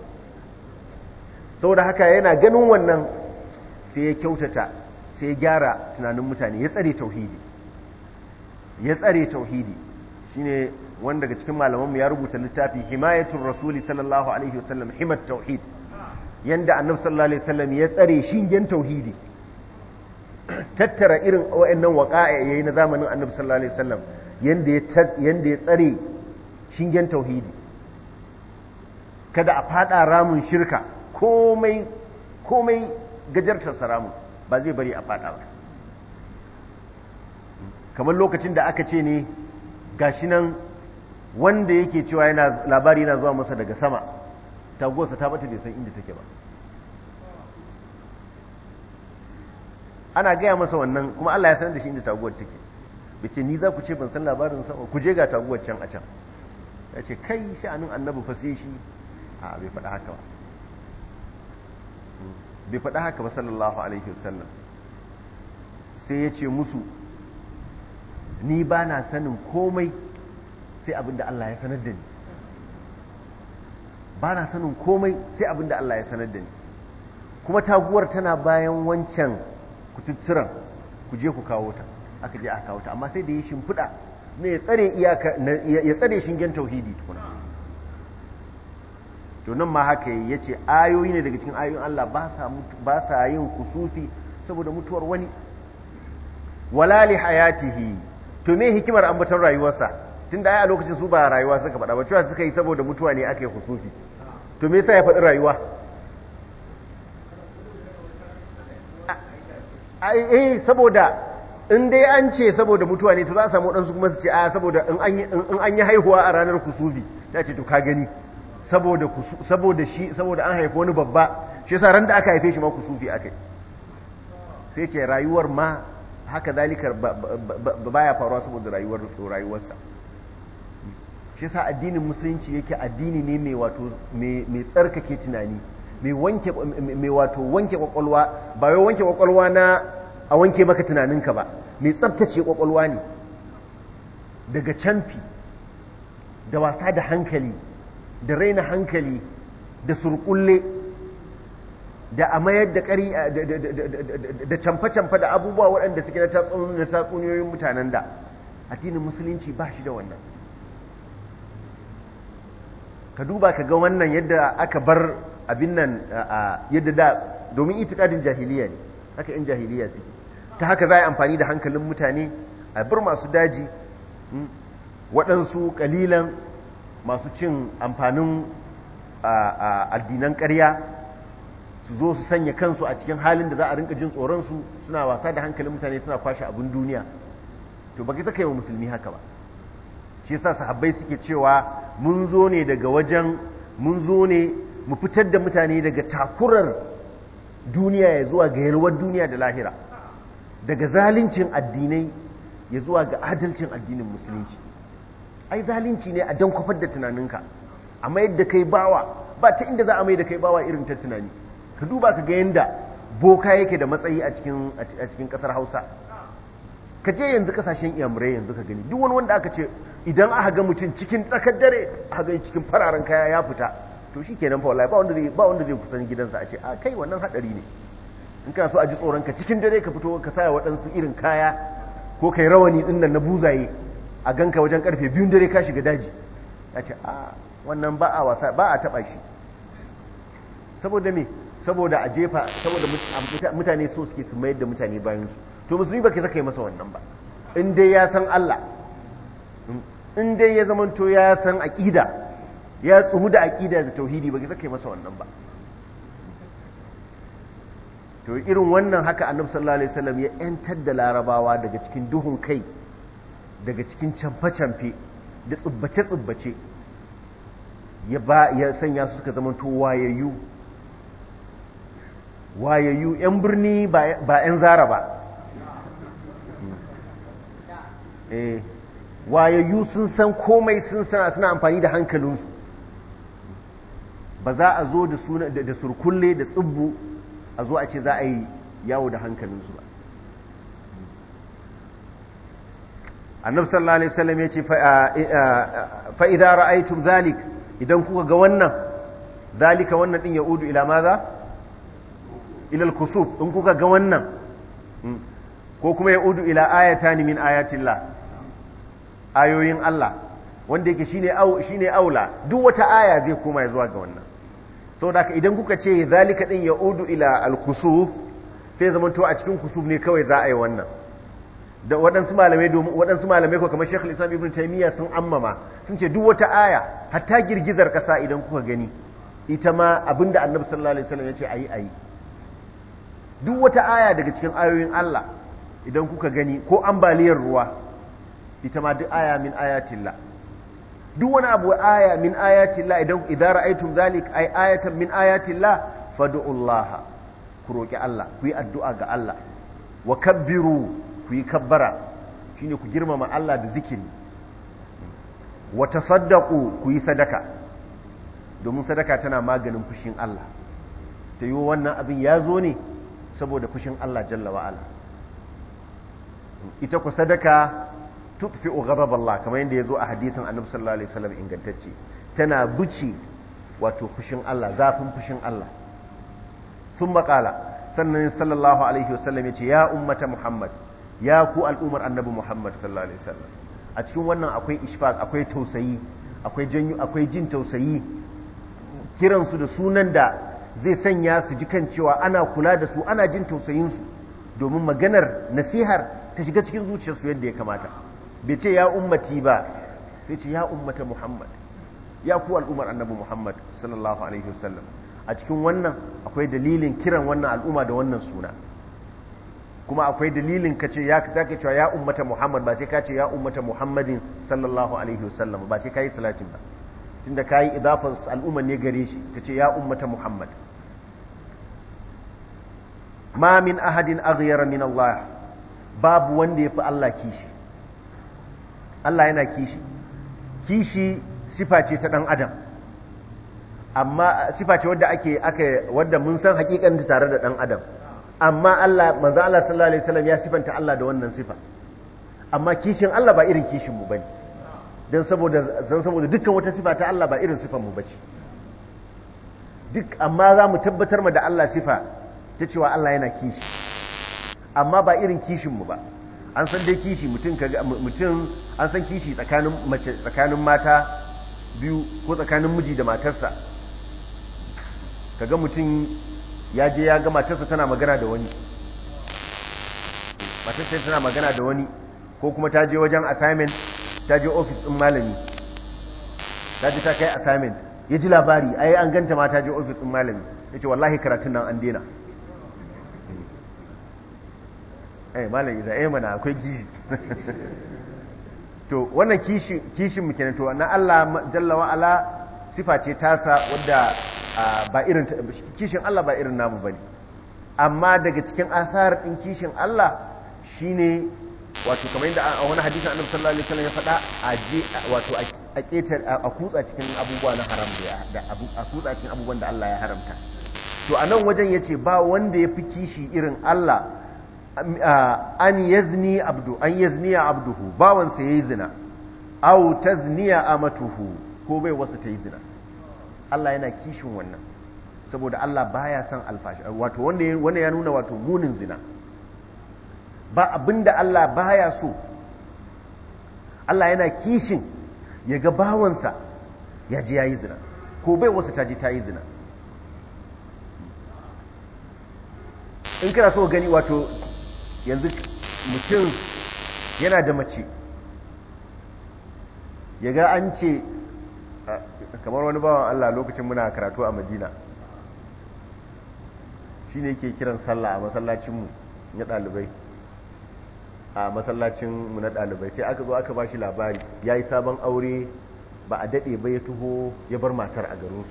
saboda haka yana ganin wannan sai ya kyautata sai ya gyara tunanin mutane ya tsare tauhidi ya tsare tauhidi shine wanda daga cikin malamanmu ya rubuta littafi himayatul rasuli sallallahu alaihi wasallam himat tauhid yanda annabi sallallahu alaihi wasallam ya tsare shingen tauhidi tattara irin wa'annan waƙa'a yayi na zamanin annabi sallallahu alaihi wasallam yanda ya tsare shingen tauhidi kada a fada ramun shirka komai komai gajartar saramu ba zai bari a fada ba kamar lokacin da aka ce ne gashi nan wanda yake cewa yana labari yana zuwa masa daga sama tagosa ta bata bai san inda take ba ana gaya masa wannan kuma Allah ya sanar da shi inda taguwar take bace ni za ku ce ban san labarin sa ku je ga taguwar can a can ya ce kai sha'anin annabi fa sai shi a bai faɗa haka ba bai faɗa haka ba sallallahu alaihi wasallam sai ya ce musu ni ba na sanin komai sai abin da Allah ya sanar da ni ba na sanin komai sai abin da Allah ya sanar da ni kuma taguwar tana bayan wancan Ku kututturan ku je ku kawo ta aka je aka kawo ta amma sai da ya shimfiɗa na ya tsare iyaka ya tsare shingen tauhidi tukuna to nan ma haka ya ce ayoyi ne daga cikin ayoyin Allah ba sa yin kusufi saboda mutuwar wani wala li hayatihi to me hikimar batar rayuwarsa tunda ai a lokacin su ba rayuwa suka faɗa ba cewa suka yi saboda mutuwa ne aka yi kusufi to me yasa ya faɗi rayuwa eh saboda in dai an ce saboda mutuwa ne to za a samu ɗansu kuma su ce a ah, saboda in an yi haihuwa a ranar kusufi ta ce to ka gani saboda shi saboda an haifi wani babba shi sa ran da aka haife shi ma kusufi akai sai ce rayuwar ma haka zalikar ya faruwa saboda rayuwar rayuwarsa shi sa addinin musulunci yake addini ne mai wato mai tsarkake tunani mai wato wanke kwakwalwa ba ya wanke kwakwalwa na a wanke maka tunaninka ba mai tsabtace kwakwalwa ne daga canfi da wasa da hankali da raina hankali da surkulle da a mayar da kari da canfa-canfa da abubuwa waɗanda suke na tatsuniyoyin mutanen da addinin musulunci ba shi da wannan ka duba ka ga wannan yadda aka bar abin nan a yadda da domin itikadin jahiliya ne haka in jahiliya suke ta haka za a yi amfani da hankalin mutane a bar masu daji hmm, waɗansu ƙalilan masu cin amfanin addinan ƙarya su zo su sanya kansu a cikin halin da za a rinka jin tsoronsu suna wasa da hankalin mutane suna kwashe abin duniya to baki saka yi wa musulmi haka ba shi yasa sahabbai suke cewa mun zo ne daga wajen mun zo ne mu fitar da mutane daga takurar duniya ya zuwa ga yalwar duniya da lahira daga zalincin addinai ya zuwa ga adalcin addinin musulunci ai zalunci ne a don kwafar da tunaninka amma yadda kai bawa ba ta inda za a mai da kai bawa irin ta tunani ka duba ka ga yanda boka yake da matsayi a cikin a kasar Hausa ka je yanzu kasashen iyamurai yanzu ka gani duk wani wanda aka ce idan aka ga mutum cikin tsakar dare aka gani cikin fararen kaya ya fita to shi kenan fa wallahi ba wanda zai ba wanda zai kusan gidansa a ce a kai wannan hadari ne in kana so a ji tsoron ka cikin dare ka fito ka saya waɗansu irin kaya ko kai rawani din nan na buzaye a ganka wajen karfe biyun dare ka shiga daji a ce a wannan ba a wasa ba a taba shi saboda me saboda a jefa saboda mutane so suke su mayar da mutane bayan su to musulmi ba ke zaka yi masa wannan ba in dai ya san Allah in dai ya zamanto ya san aqida ya tsuhu da aƙida da tauhidi ba zai kai masa wannan ba to irin wannan haka annabi sallallahu alaihi wasallam ya yantar da larabawa daga cikin duhun kai daga cikin canfa-canfe da tsubbace-tsubbace ya ba ya sanya su suka to wayayyu wayayyu yan birni ba yan zara ba eh, wayayyu sun san komai sun sana suna amfani da hankalinsu ba za a zo da surkulle da tsibbu a zo a ce za a yi yawo da hankalinsu ba annabi sallallahu alaihi wasallam ya ce fa idza ra'aytum zalik idan kuka ga wannan zalika wannan din yaudu ila maza ila al-kusuf in kuka ga wannan hmm, ko kuma yaudu ila ayatan min ayatillah ayoyin Allah wanda yake shine au shine aula duk wata aya zai koma zuwa ga wannan saboda haka idan kuka ce zalika din udu ila al-kusuf sai zaman to a cikin kusuf ne kawai za a yi wannan da waɗansu malamai domin waɗansu malamai ko kamar Sheikh Islam Ibn Taymiyyah sun ammama sun ce duk wata aya hatta girgizar kasa idan kuka gani ita ma abinda Annabi sallallahu alaihi wasallam ya ce ayi ayi duk wata aya daga cikin ayoyin Allah idan kuka gani ko ambaliyar ruwa ita ma duk aya min ayatillah duk wani abu aya min ayatillah idan idan ra'aytum zalik ay ayatan min ayatillah Allah ku roki Allah ku yi addu'a ga Allah wa kabbiru ku yi kabbara shine ku girmama Allah da zikiri wa tasaddaqu ku yi sadaka domin sadaka tana maganin fushin Allah ta yi wannan abin ya zo ne saboda fushin Allah jalla wa'ala ita ku sadaka tutfi'u ghadab Allah kamar yadda zo a hadisin Annabi sallallahu alaihi wasallam ingantacce tana buci wato fushin Allah zafin fushin Allah Sun qala sannan sallallahu alaihi wasallam yace ya ummata Muhammad ya ku al'ummar Annabi Muhammad sallallahu alaihi wasallam a cikin wannan akwai ishfaq akwai tausayi akwai janyu akwai jin tausayi kiransu da sunan da zai sanya su ji kan cewa ana kula da su ana jin tausayinsu domin maganar nasihar ta shiga cikin zuciyarsu yadda ya kamata bai ce ya ummati ba sai ce ya ummata muhammad ya ku al'ummar annabi muhammad sallallahu alaihi wasallam a cikin wannan akwai dalilin kiran wannan al'umma da wannan suna kuma akwai dalilin ka ce ya ta ke cewa ya ummata muhammad ba sai ka ce ya ummata muhammadin sallallahu alaihi wasallam ba sai ka yi salatin ba tunda ka yi idafan al'umma ne gare shi ka ce ya ummata muhammad ma min ahadin aghyara min allah babu wanda ya fi allah kishi Allah yana kishi kishi sifa ce ta dan adam amma sifa ce wadda ake aka wadda mun san hakikanin ta tare da dan adam amma Allah manzo Allah sallallahu alaihi wasallam ya sifanta Allah da wannan sifa amma kishin Allah ba irin kishin mu bane dan saboda dan saboda dukkan wata sifa ta Allah ba irin sifan mu bace duk amma za mu tabbatar ma da Allah sifa ta cewa Allah yana kishi amma ba irin kishin mu ba an san dai kishi mutum ka mutum an san kishi tsakanin mace tsakanin mata biyu ko tsakanin miji da matarsa kaga mutum ya je ya ga matarsa tana magana da wani matarsa tana magana da wani ko kuma ta je wajen assignment ta je office din malami ta je ta kai assignment ya ji labari ai an ganta ma ta je office din malami yace wallahi karatun nan an daina eh malai da eh mana akwai kishi to wannan kishi kishi muke to na Allah jalla wa ala sifa ce tasa wanda ba irin kishin Allah ba irin namu bane amma daga cikin asar din kishin Allah shine wato kamar yadda a wani hadisi annabi sallallahu alaihi wasallam ya faɗa a je wato a ketar a kutsa cikin abubuwa na haram da a kutsa cikin abubuwan da Allah ya haramta to a nan wajen yace ba wanda ya fi kishi irin Allah an yazni abdu an yazniya abduhu bawansa yayi zina aw tazniya amatuhu ko bai wasa ta yi zina Allah yana kishin wannan saboda Allah baya son alfashi wato wanda ya nuna wato munin zina ba abinda Allah baya so Allah yana kishin ya ga bawansa ya ji ya yi zina ko bai wasu ta ji ta yi zina in kana so gani wato yanzu mutum yana da mace ya ga an ce ah, kamar wani bawan Allah lokacin muna karatu a madina shi ne ke kiran sallah a masallacinmu na ɗalibai a masallacinmu na ɗalibai sai aka zo aka ba shi labari ya yi sabon aure ba a daɗe ba ya tuho ya bar matar a garinsu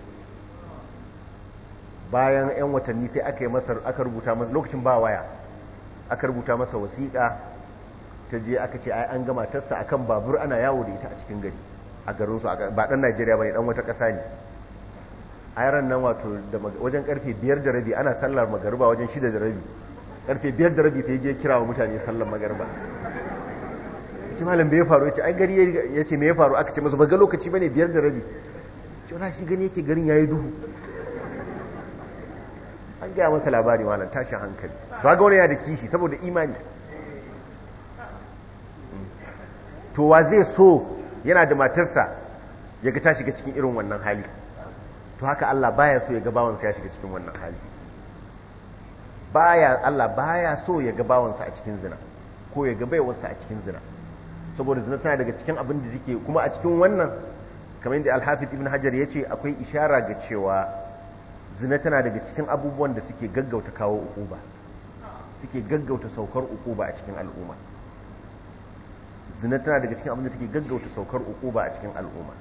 bayan 'yan watanni sai aka yi masar aka rubuta lokacin ba waya aka rubuta masa wasiƙa ta je aka ce ai an gama tassa akan babur ana yawo da ita a cikin gari a garin su ba dan Najeriya bane dan wata ƙasa ne ai ran nan wato da wajen karfe 5 da rabi ana sallar magariba wajen 6 da rabi karfe 5 da rabi sai je kira wa mutane sallar magariba ce malam bai faru yace ai gari yace me ya faru aka ce masa ba ga lokaci bane 5 da rabi ce wala shi gani yake garin yayi duhu an gaya masa labari malam tashin hankali to ga wani ya da kishi saboda imani to wa zai so yana da matarsa ya ga ta shiga cikin irin wannan hali to haka Allah baya so ya ga bawansa ya shiga cikin wannan hali baya Allah baya so ya ga bawansa a cikin zina ko ya ga baiwarsa a cikin zina saboda zina tana daga cikin abin da yake kuma a cikin wannan kamar yadda Al-Hafiz Ibn Hajar yace akwai ishara ga cewa zina tana daga cikin abubuwan da suke gaggauta kawo uku ba. suke gaggauta saukar ukuba a cikin al'umma zina tana daga cikin abin da take gaggauta saukar ukuba a cikin al'umma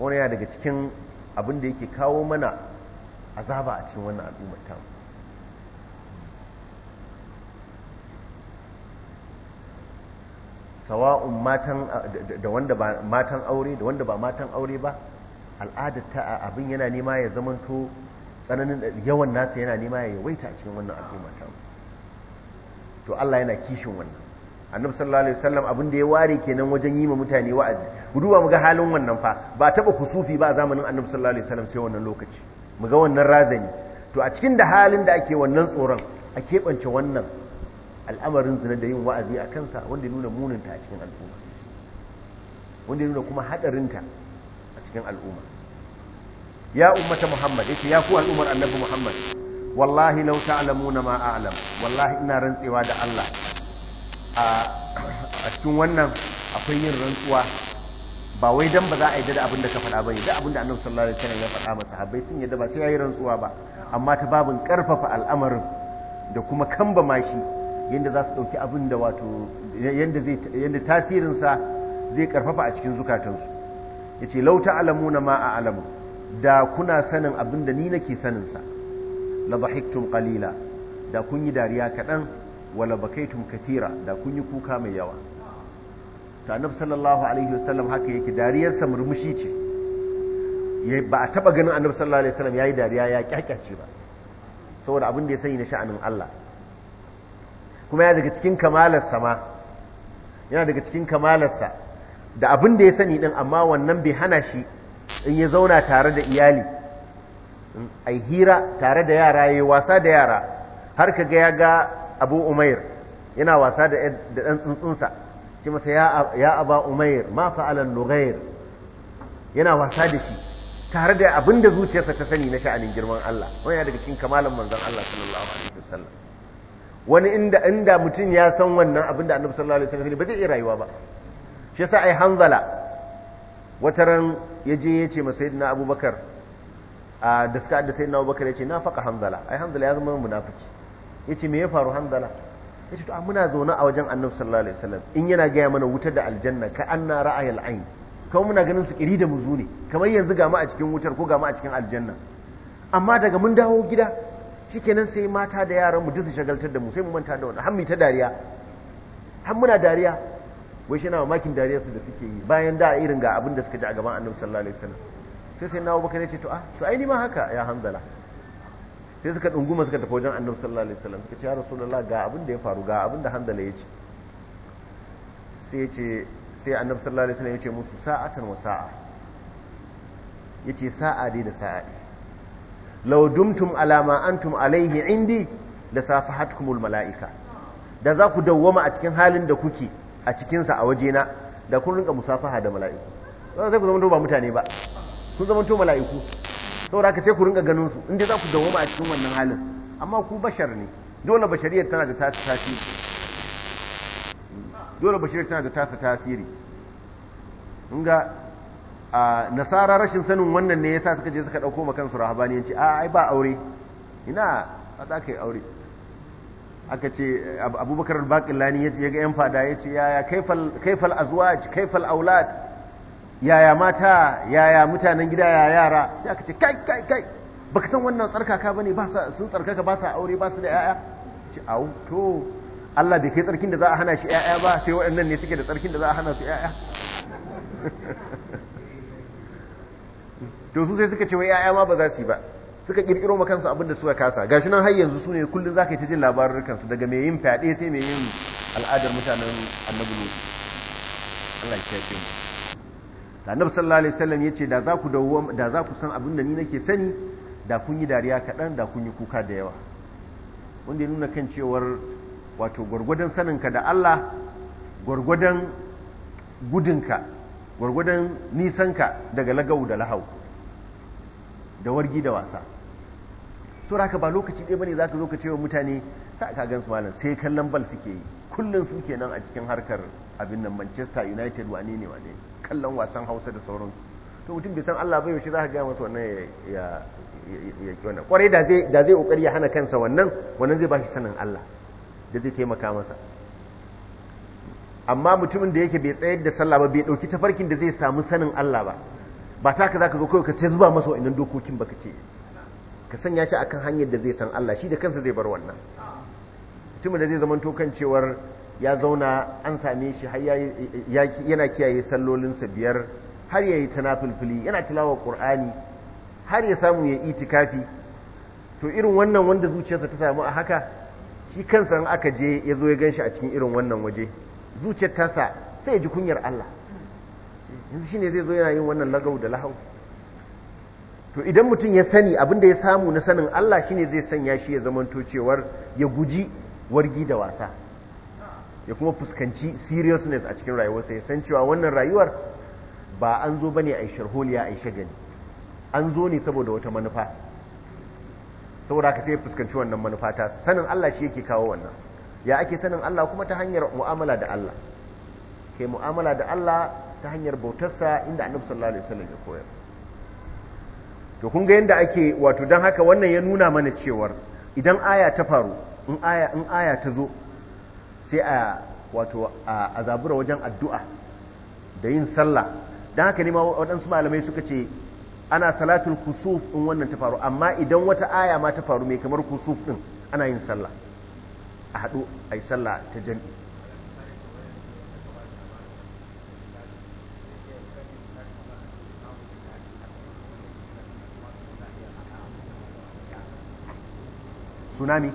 wani yana daga cikin abin da yake kawo mana azaba a cikin wannan al'umma ta sawa'un matan da wanda ba matan aure da wanda ba matan aure ba al'adar ta abin yana nema ya zamanto tsananin yawan nasa yana nema ya yawaita a cikin wannan al'umma ta to Allah yana kishin wannan annabi sallallahu alaihi wasallam abin da ya ware kenan wajen yi ma mutane wa'azi duba mu ga halin wannan fa ba taba kusufi ba a zamanin annabi sallallahu alaihi wasallam sai wannan lokaci mu ga wannan razani to a cikin da halin da ake wannan tsoron a keɓance wannan al'amarin zina da yin wa'azi a kansa wanda nuna muninta a cikin al'umma wanda nuna kuma haɗarinta a cikin al'umma ya ummata muhammad yace ya ku al'ummar annabi muhammad wallahi law ta'lamuna ma a'lam wallahi ina rantsewa da Allah a cikin wannan akwai yin rantsuwa ba wai dan ba za a yi da abin da ka faɗa bane da abin da annabi sallallahu alaihi wasallam ya faɗa masa sahabbai sun yadda ba sai yayi rantsuwa ba amma ta babin karfafa al'amarin da kuma kamba mashi yanda za su dauki abin da wato yanda zai yanda tasirin sa zai karfafa a cikin zukatansu yace law ta'lamuna ma a'lamu da kuna sanin abin da ni nake saninsa la dhahiktum qalila da kun yi dariya kaɗan wala bakaitum kathira da kun yi kuka mai yawa ta annabi sallallahu alaihi wasallam haka yake dariyarsa murmushi ce ba a taba ganin annabi sallallahu alaihi wasallam yayi dariya ya kyakkyace ba saboda abin da ya sani na sha'anin Allah kuma yana daga cikin kamalarsa ma yana daga cikin kamalarsa da abin da ya sani din amma wannan bai hana shi in ya zauna tare da iyali ai hira tare da yara yi wasa da yara har ga ya ga Abu Umair yana wasa da ɗan tsuntsunsa ce masa ya Aba Umair ma fa’alan lughair yana wasa da shi tare da abinda zuciyarsa ta sani na sha'anin girman Allah Wani ya daga cikin kamalan manzan Allah sallallahu alaihi wasallam wani inda inda mutum ya san wannan abinda Annabi sallallahu alaihi wasallam ba zai iya rayuwa ba shi yasa ai hanzala wata ran ya je ya ce ma na abubakar a da suka da na abubakar ya ce na faka hanzala ai hanzala ya zama munafiki ya ce me ya faru hanzala ya ce to muna zaune a wajen annabi sallallahu alaihi wasallam in yana gaya mana wuta da aljanna ka anna ra'ayal ayn kawai muna ganin su kiri da muzu ne kamar yanzu ga mu a cikin wutar ko ga mu a cikin aljanna amma daga mun dawo gida shikenan sai mata da yaran mu duk su shagaltar da mu sai mu manta da wannan har mu ta dariya har muna dariya wai shi na mamakin su da suke yi bayan da irin ga abin da suka ji a gaban annabi sallallahu alaihi wasallam sai sai na abubakar ne ce to a ah, to ai ma haka ya hanzala sai suka dunguma suka tafi wajen annabi sallallahu alaihi wasallam suka ce ya rasulullahi ga abin da ya faru ga abin da hanzala ya ce sai ya ce sai annabi sallallahu alaihi wasallam ya ce musu sa'atan wa sa'a ya ce sa'a dai da sa'a law dumtum ala ma antum alaihi indi la safahatkumul mala'ika da za ku dawwama a cikin halin da kuke a cikinsa a wajena da kun rinka musafaha da mala'iku zai ku zama ba mutane ba kun zama to mala'iku saboda aka sai ku rinka ganin su inda za ku dawoma a cikin wannan halin amma ku bashar ne dole bashariyar tana da tasa tasiri dole bashariyar tana da tasa tasiri ga a nasara rashin sanin wannan ne yasa suka je suka dauko ma kansu rahabaniyanci a ai ba aure ina a za ka yi aure aka ce abubakar ya ce ya ga yan fada ce yaya kaifal kaifal azwaj kaifal aulad yaya mata yaya mutanen gida ya yara sai aka ce kai kai kai baka san wannan tsarkaka bane ba sun tsarkaka ba sa aure ba su da yaya ce au to Allah bai kai tsarkin da za a hana shi yaya ba sai waɗannan ne suke da tsarkin da za a hana su yaya to su sai suka ce wai yaya ma ba za su yi ba suka kirkiro ma kansu abin da suka kasa gashi nan har yanzu sune kullun zaka yi ta jin labarukan kansu, daga mai yin fyaɗe sai mai yin al'adar mutanen annabi Allah ya kiyaye mu da annabi sallallahu alaihi wasallam yace da za ku dawo da za ku san abin da ni nake sani da kun yi dariya kaɗan da kun yi kuka da yawa wanda ya nuna kan cewar wato gwargwadon ka da Allah gwargwadon gudunka gwargwadon nisanka daga lagau da lahau da wargi da wasa to raka ba lokaci ɗaya bane zaka zo ka cewa mutane ta ka gan su malam sai kallon bal suke yi kullun su kenan a cikin harkar abin nan Manchester United wane ne wane kallon wasan Hausa da sauransu to mutum bai san Allah ba yaushe zaka ga masa wannan ya ya kwarai da zai da ya hana kansa wannan wannan zai bashi sanin Allah da zai taimaka masa amma mutumin da yake bai tsayar da sallah ba bai dauki tafarkin da zai samu sanin Allah ba ba ta ka za ka zo kawai ka ce zuba masa wa'annan dokokin ba ka ce ka sanya shi akan hanyar da zai san Allah shi da kansa zai bar wannan mutumin da zai zama tokan cewar ya zauna an same shi har yana kiyaye sallolinsa biyar har ya yi ta nafilfili yana tilawar ƙur'ani har ya samu ya itikafi to irin wannan wanda zuciyarsa ta samu a haka shi kansa in aka je ya zo ya gan shi a cikin irin wannan waje zuciyar tasa sai ya ji kunyar Allah shi ne zai zo yana yin wannan lagau da lahau to idan mutum ya sani abinda ya samu na sanin Allah shi ne zai sanya shi ya zamanto cewar ya guji wargi da wasa ya kuma fuskanci seriousness a cikin rayuwarsa ya san cewa wannan rayuwar ba an zo ne a sharholiya a shagali an zo ne saboda wata manufa saboda ka sai fuskanci wannan manufa ta sanin Allah shi yake kawo wannan ya ake sanin Allah kuma ta hanyar mu'amala da Allah kai mu'amala da Allah ta hanyar bautarsa inda annabi sallallahu alaihi wasallam ya koyar to kun ga yadda ake wato dan haka wannan ya nuna mana cewar idan aya ta faru in aya in aya ta zo sai a wato a zabura wajen addu'a da yin sallah dan haka ne ma waɗansu malamai suka ce ana salatul kusuf in wannan ta faru amma idan wata aya ma ta faru mai kamar kusuf din ana yin sallah a haɗu a sallah ta jam'i tsunami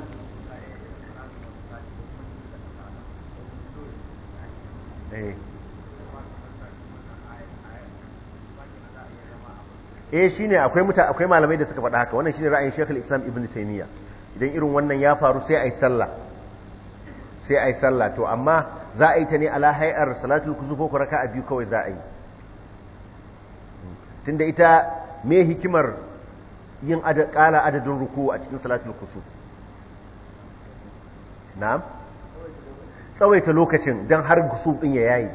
ne eh, eh shi ne akwai malamai da suka faɗa haka wannan shi ne ra'ayin shekul islam ibn taimiyya idan irin wannan ya faru sai a yi sallah sai a yi sallah to amma za a yi ta ne ala hai'ar salatul kusufu ko raka a biyu kawai za a yi tunda ita me hikimar yin ƙala adadin ruku a cikin salatu kusur na'am tsawaita lokacin don har kusuf din ya yayi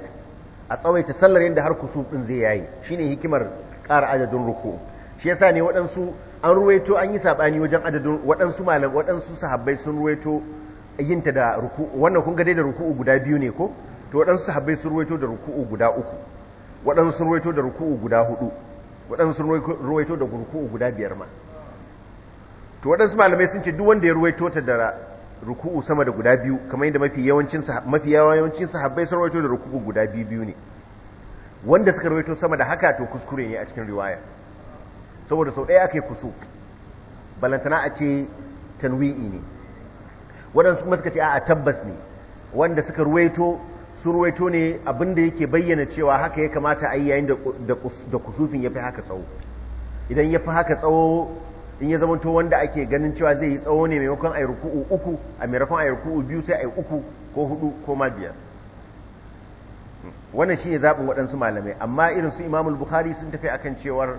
a tsawaita sallar yadda har kusuf din zai yayi shine hikimar ƙara adadin ruku shi yasa ne waɗansu an ruwaito an yi saɓani wajen adadin waɗansu malam waɗansu sahabbai sun ruwaito yinta da ruku wannan kun ga dai da ruku'u guda biyu ne ko to waɗansu sahabbai sun ruwaito da ruku'u guda uku waɗansu sun ruwaito da ruku'u guda hudu waɗansu sun ruwaito da ruku'u guda biyar ma to waɗansu malamai sun ce duk wanda ya ruwaito ta da ruku'u sama da guda biyu kamar yadda mafi yawancin mafi yawancin sahabbai sun rawaito da ruku'u guda biyu biyu ne wanda suka rawaito sama da haka to kuskure ne a cikin riwaya saboda sau ɗaya aka yi kusu balantana a ce tanwi'i ne waɗansu kuma suka ce a tabbas ne wanda suka ruwaito su ruwaito ne abinda yake bayyana cewa haka ya kamata a yi yayin da kusufin ya fi haka tsawo idan ya fi haka tsawo in ya zama to wanda ake ganin cewa zai yi tsawo ne maimakon ayi ruku'u uku a maimakon ayi ruku'u biyu sai ayi uku ko hudu ko ma biyar wannan shine zaɓin waɗansu malamai amma irin su imamul bukhari sun tafi akan cewar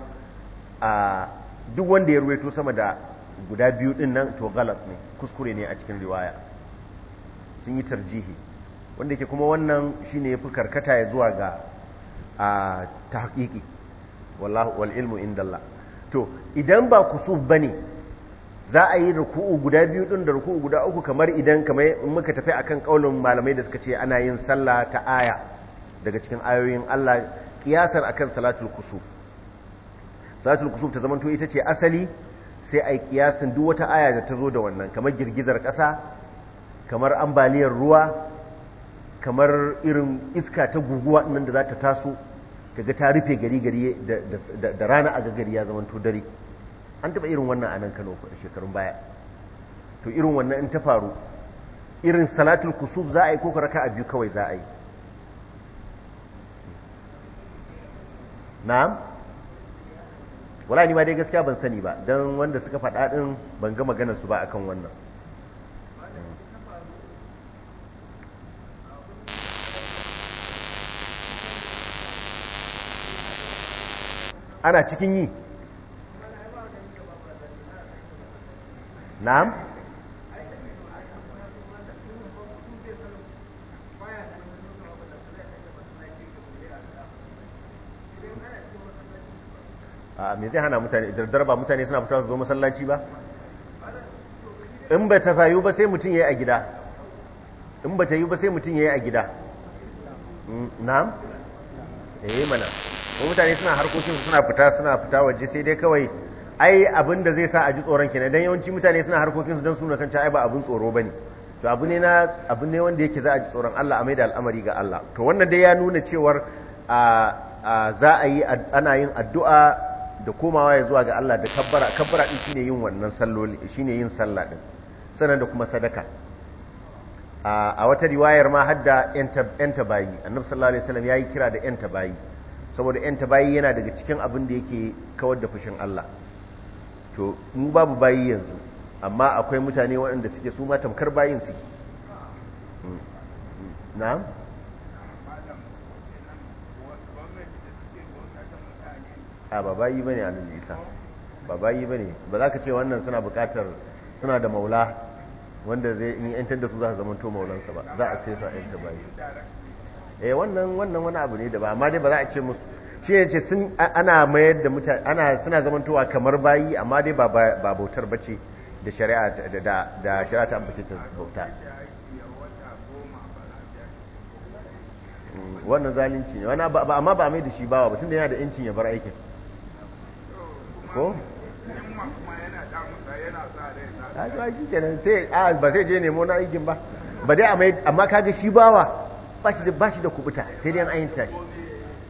a duk wanda ya ruwaito sama da guda biyu din nan to galat ne kuskure ne a cikin riwaya sun yi tarjihi wanda ke kuma wannan shine yafi karkata ya zuwa ga a tahqiqi wallahu wal ilmu indallah to idan ba kusuf ba ne, za a yi ruku'u guda biyu ɗin da ruku'u guda uku kamar idan kamar muka tafi akan ƙaunin malamai da suka ce ana yin sallah ta aya daga cikin ayoyin Allah ƙiyasar akan salatul kusuf salatul kusuf ta zamanto ita ce asali sai a yi ƙiyasin duk wata aya da ta zo da wannan kamar girgizar ƙasa kamar ambaliyar ruwa kamar irin iska ta guguwa nan da za ta taso kaga ta rufe gari gari da rana a gari ya zama to dare an taba irin wannan a nan Kano da shekarun baya to irin wannan in ta faru irin salatul kusuf za a yi ko a biyu kawai za a yi na'am wala ni ma dai gaskiya ban sani ba don wanda suka faɗa ɗin ban ga maganar su ba akan wannan ana cikin yi na'am a me zai hana mutane idar ba mutane suna fita zo masallaci ba in ba ta fayu ba sai mutum ya yi a gida in ba ta yi ba sai mutum ya yi a gida hmm, na'am eh mana ko mutane suna harkokin suna fita suna fita waje sai dai kawai ai abin da zai sa a ji tsoron kenan dan yawanci mutane suna harkokin su dan suna kanta ai ba abin tsoro bane to abu ne na abu ne wanda yake za a ji tsoron Allah a mai da al'amari ga Allah to wannan dai ya nuna cewar a za a yi ana yin addu'a da komawa ya zuwa ga Allah da kabbara kabbara din shine yin wannan salloli shine yin sallah din sannan da kuma sadaka a wata riwayar ma hadda yan tabayi annabi sallallahu alaihi wasallam yayi kira da yan tabayi saboda yanta bayi yana daga cikin abin da yake kawar da fushin Allah to mu babu bayi yanzu amma akwai mutane waɗanda suke su ma tamkar bayin suke mm. na'am a ba bayi bane a nan isa ba bayi bane ba za ka ce wannan suna buƙatar suna da maula wanda zai in yantar da su za su zama maulansa ba za a sai sa yanta bayi eh wannan wannan wani abu ne da ba amma dai ba za a ce musu shi ne ce sun ana mayar da mutane ana suna zamantowa kamar bayi amma dai ba ba bautar bace da shari'a da da shari'a ta ambace ta bauta mm, wannan zalunci ne wani amma ba mai da shi bawa ba tunda yana da yancin ya bar aikin ko sai ba sai je nemo na aikin ba ba dai amma kaga shi bawa ba shi da ba shi da kubuta sai dai an ayyanta shi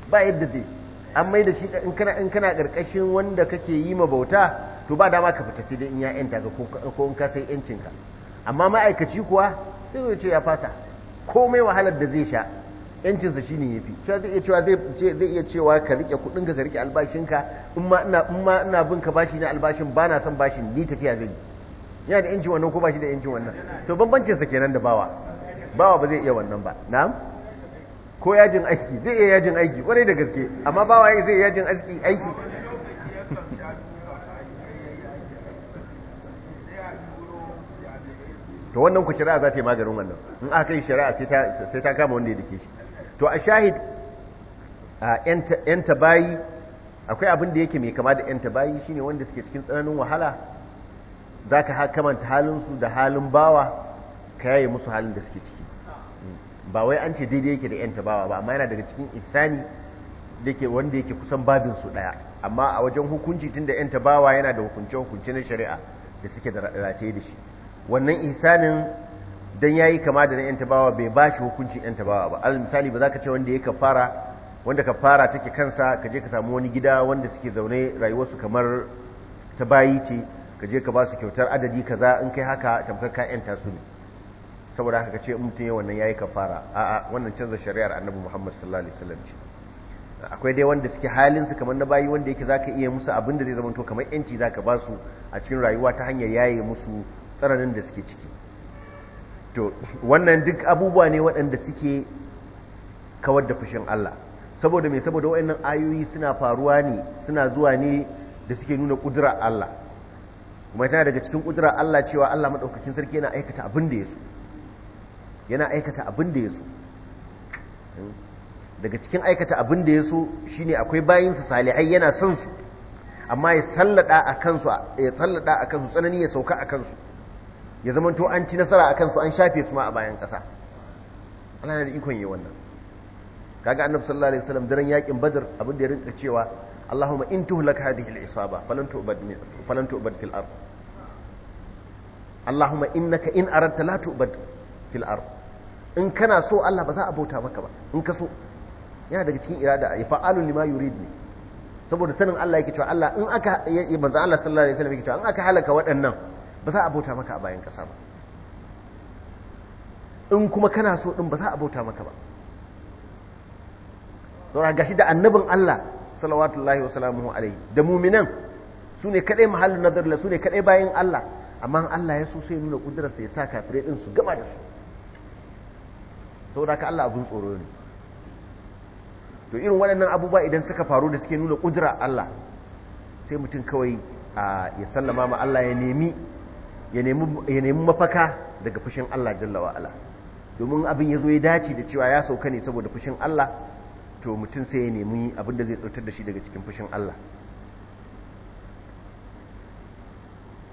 ba yadda zai an mai da shi in kana in kana karkashin wanda kake yi ma bauta to ba dama ka fita sai dai in ya yanta ga ko in ka sai yancin ka amma ma'aikaci kuwa sai zai ce ya fasa komai wahalar da zai sha yancin sa shine yafi cewa zai iya cewa zai zai iya cewa ka rike kudin ka ka rike albashin ka in ma ina in ma ina bin ka bashi na albashin ba na son bashin ni tafiya zai yana da yancin wannan ko ba shi da yancin wannan to bambancin sa kenan da bawa bawa ba zai iya wannan ba na'am ko yajin aiki zai iya yajin aiki wani da gaske amma bawa zai yajin aiki aiki to wannan ku shari'a za ta yi maganin wannan in aka yi shari'a sai ta kama wanda ya dake shi to a shahid yan tabayi akwai abin da yake mai kama da yan tabayi shine wanda suke cikin tsananin wahala za ka kamanta halinsu da halin bawa kayaye musu halin da suke ciki ba wai an ce daidai yake da yanta tabawa ba amma yana daga cikin ihsani dake wanda yake kusan babin daya amma a wajen hukunci tunda yanta tabawa yana da hukunce hukunce na shari'a da suke da rataye da shi wannan ihsanin dan yayi kama da na yanta bawa bai shi hukuncin yan tabawa ba al misali ba za ka ce wanda ya kafara wanda kafara take kansa ka je ka samu wani gida wanda suke zaune rayuwarsu kamar ta bayi ce ka je ka ba su kyautar adadi kaza in kai haka tamkar ka yanta su ne saboda haka ce mutum yayin wannan yi kafara a wannan canza shari'ar annabi Muhammad sallallahu alaihi wasallam ce akwai dai wanda suke halin su kamar na bayi wanda yake zaka iya musu abin da zai zama to kamar yanci ka ba su a cikin rayuwa ta hanyar yaye musu tsaranin da suke ciki to wannan duk abubuwa ne waɗanda suke kawar da fushin Allah saboda me saboda waɗannan ayoyi suna faruwa ne suna zuwa ne da suke nuna kudura Allah kuma tana daga cikin kudura Allah cewa Allah madaukakin sarki yana aikata abin da ya so yana aikata abin da ya so daga cikin aikata abin da ya so shine akwai bayinsa salihai yana son su amma ya tsallada a kansu ya tsallada a kansu tsanani ya sauka a kansu ya zamanto an ci nasara a kansu an shafe su ma a bayan ƙasa Allah da ikon yi wannan kaga annabi sallallahu alaihi wasallam daren yakin badr abin da ya rinka cewa Allahumma in tuhlak hadhihi al-isaba falan tu'bad falan tu'bad fil ard Allahumma innaka in aradta la tu'bad fil ard in kana so Allah ba za a bauta maka ba in ka so yana daga cikin irada ya fa'alu lima yurid ne saboda sanin Allah yake cewa Allah in aka yi manzo Allah sallallahu alaihi wasallam yake cewa in aka halaka waɗannan ba za a bauta maka a bayan ƙasa ba in kuma kana so din ba za a bauta maka ba saboda gashi da annabin Allah sallallahu alaihi wasallam alaihi da mu'minan su ne kadai mahallin nazar su ne kadai bayan Allah amma Allah ya so sai nuna kudurarsa ya sa kafirai din su gaba da su saboda ka Allah abin tsoro ne to irin waɗannan abubuwa idan suka faru da suke nuna ƙudura Allah sai mutum kawai ya sallama ma Allah ya nemi mafaka daga fushin Allah jalla Allah, domin abin ya zo ya dace da cewa ya sauka ne saboda fushin Allah to mutum sai ya nemi abin da zai tsautar da shi daga cikin fushin Allah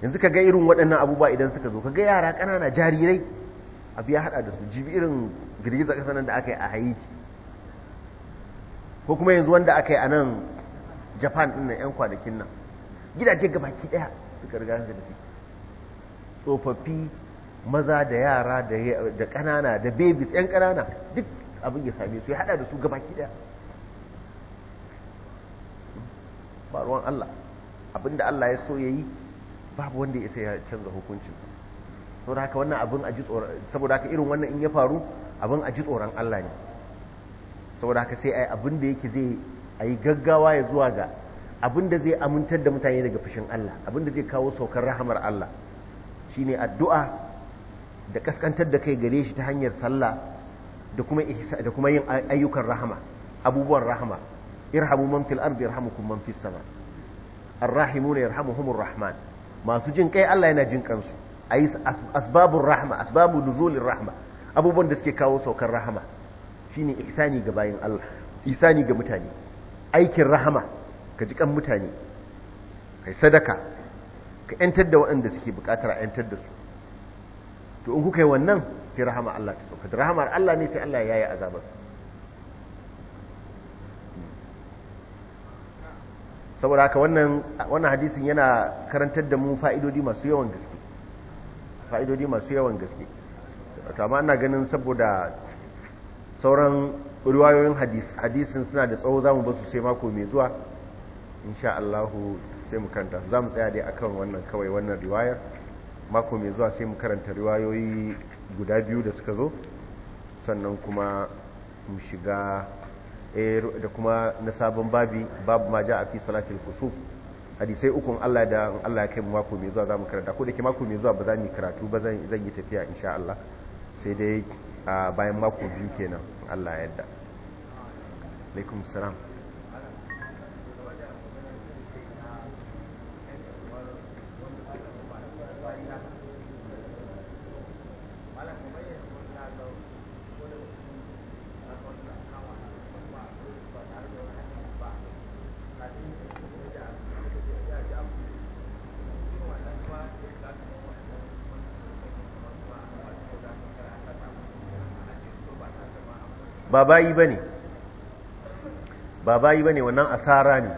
yanzu ka ga irin waɗannan abubuwa idan suka zo ka ga yara ƙanana jarirai abu ya hada da su jibi irin girgizar kasa nan da aka yi a haiti ko kuma yanzu wanda aka yi a nan japan din nan 'yan kwanakin nan gidaje gabaki daya suka riga da tafi tsofaffi maza da yara da kanana da babies 'yan kanana duk abin ya same su ya hada da su gabaki daya ba ruwan allah abinda allah ya so ya yi babu wanda ya sai ya canza hukuncinsa saboda haka wannan abin a ji tsoron saboda haka irin wannan in ya faru abin a tsoron Allah ne saboda haka sai ai abin da yake zai ayi gaggawa ya zuwa ga abin da zai amintar da mutane daga fushin Allah abin da zai kawo saukar rahamar Allah shine addu'a da kaskantar da kai gare shi ta hanyar sallah da kuma da kuma yin ayyukan rahama abubuwan rahama irhamu man fil ardi yarhamukum man fis sama arrahimuna yarhamuhumur rahman masu jin kai Allah yana jin kansu a yi asbabun rahama asbabun nuzulin rahama abubuwan da suke kawo saukar rahama shine ihsani ga bayan Allah ihsani ga mutane aikin rahama ka ji kan mutane kai sadaka ka yantar da waɗanda suke buƙatar a yantar da su to in kuka yi wannan sai rahama Allah ta sauka da rahamar Allah ne sai Allah ya yi azabar saboda haka wannan hadisin yana karantar da mu fa'idodi masu yawan gaske fa'idodi masu yawan gaske amma ana ganin saboda sauran riwayoyin hadisin suna da tsawo zamu basu sai mako mai zuwa insha Allah sai mu karanta. Za mu tsaya dai akan wannan kawai wannan riwayar mako mai zuwa sai mu karanta riwayoyi guda biyu da suka zo sannan kuma mu shiga eh, da kuma na sabon babi babu ma ja a fi salatul kusuf hadisai ukun Allah da Allah kai mako mai zuwa zamu karanta ko da ke mako mai zuwa ba za karatu ba zan zan yi tafiya insha Allah sai dai bayan mako biyu kenan Allah ya yarda alaikum salam ba bayi ba ne ba bayi ba ne wannan asara ne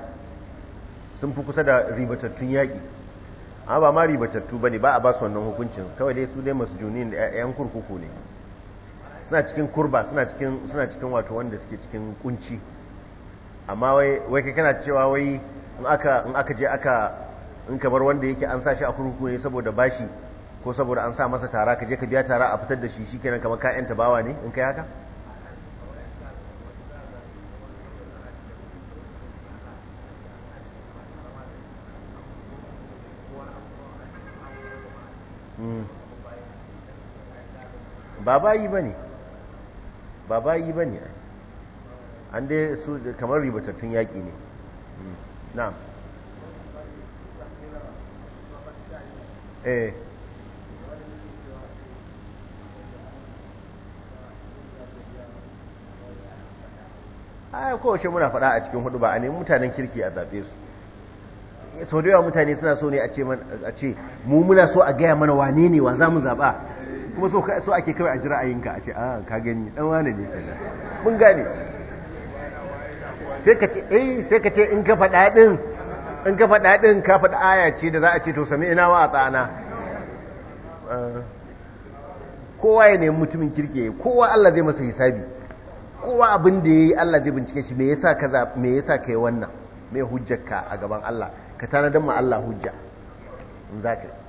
sun fi kusa da ribatattun yaƙi amma ba ma ribatattu ba ne ba a ba su wannan hukuncin kawai dai su dai masu juni da 'yan kurkuku ne suna cikin kurba suna cikin wato wanda suke cikin kunci amma wai kai kana cewa wai in aka je aka in kamar wanda yake an sa shi a kurkuku ne saboda bashi ko saboda an sa masa tara ka je ka biya tara a fitar da shi kenan kamar ka yanta bawa ne in kai haka ba bayi ba ne ba bayi ba ne an dai su kamar ribatattun yaƙi ne na eh a kowace muna faɗa a cikin hudu ba a nemi mutanen kirki a zaɓe su sau da yawa mutane suna so ne a ce mu muna so a gaya mana wane ne wa za mu zaɓa kuma so ake kawai a ji ra'ayinka a ce a ah, ka gani dan wane ne da mun gane sai ka ce eh sai ka ce in ka fada din in ka fada din ka fada aya ce da za a ce to sami ina wa tsana kowa ya nemi mutumin kirke kowa Allah zai masa hisabi kowa abin da yayi Allah zai bincike shi me yasa kaza me yasa kai wannan me hujjarka a gaban Allah ka tanadan ma Allah hujja in zaka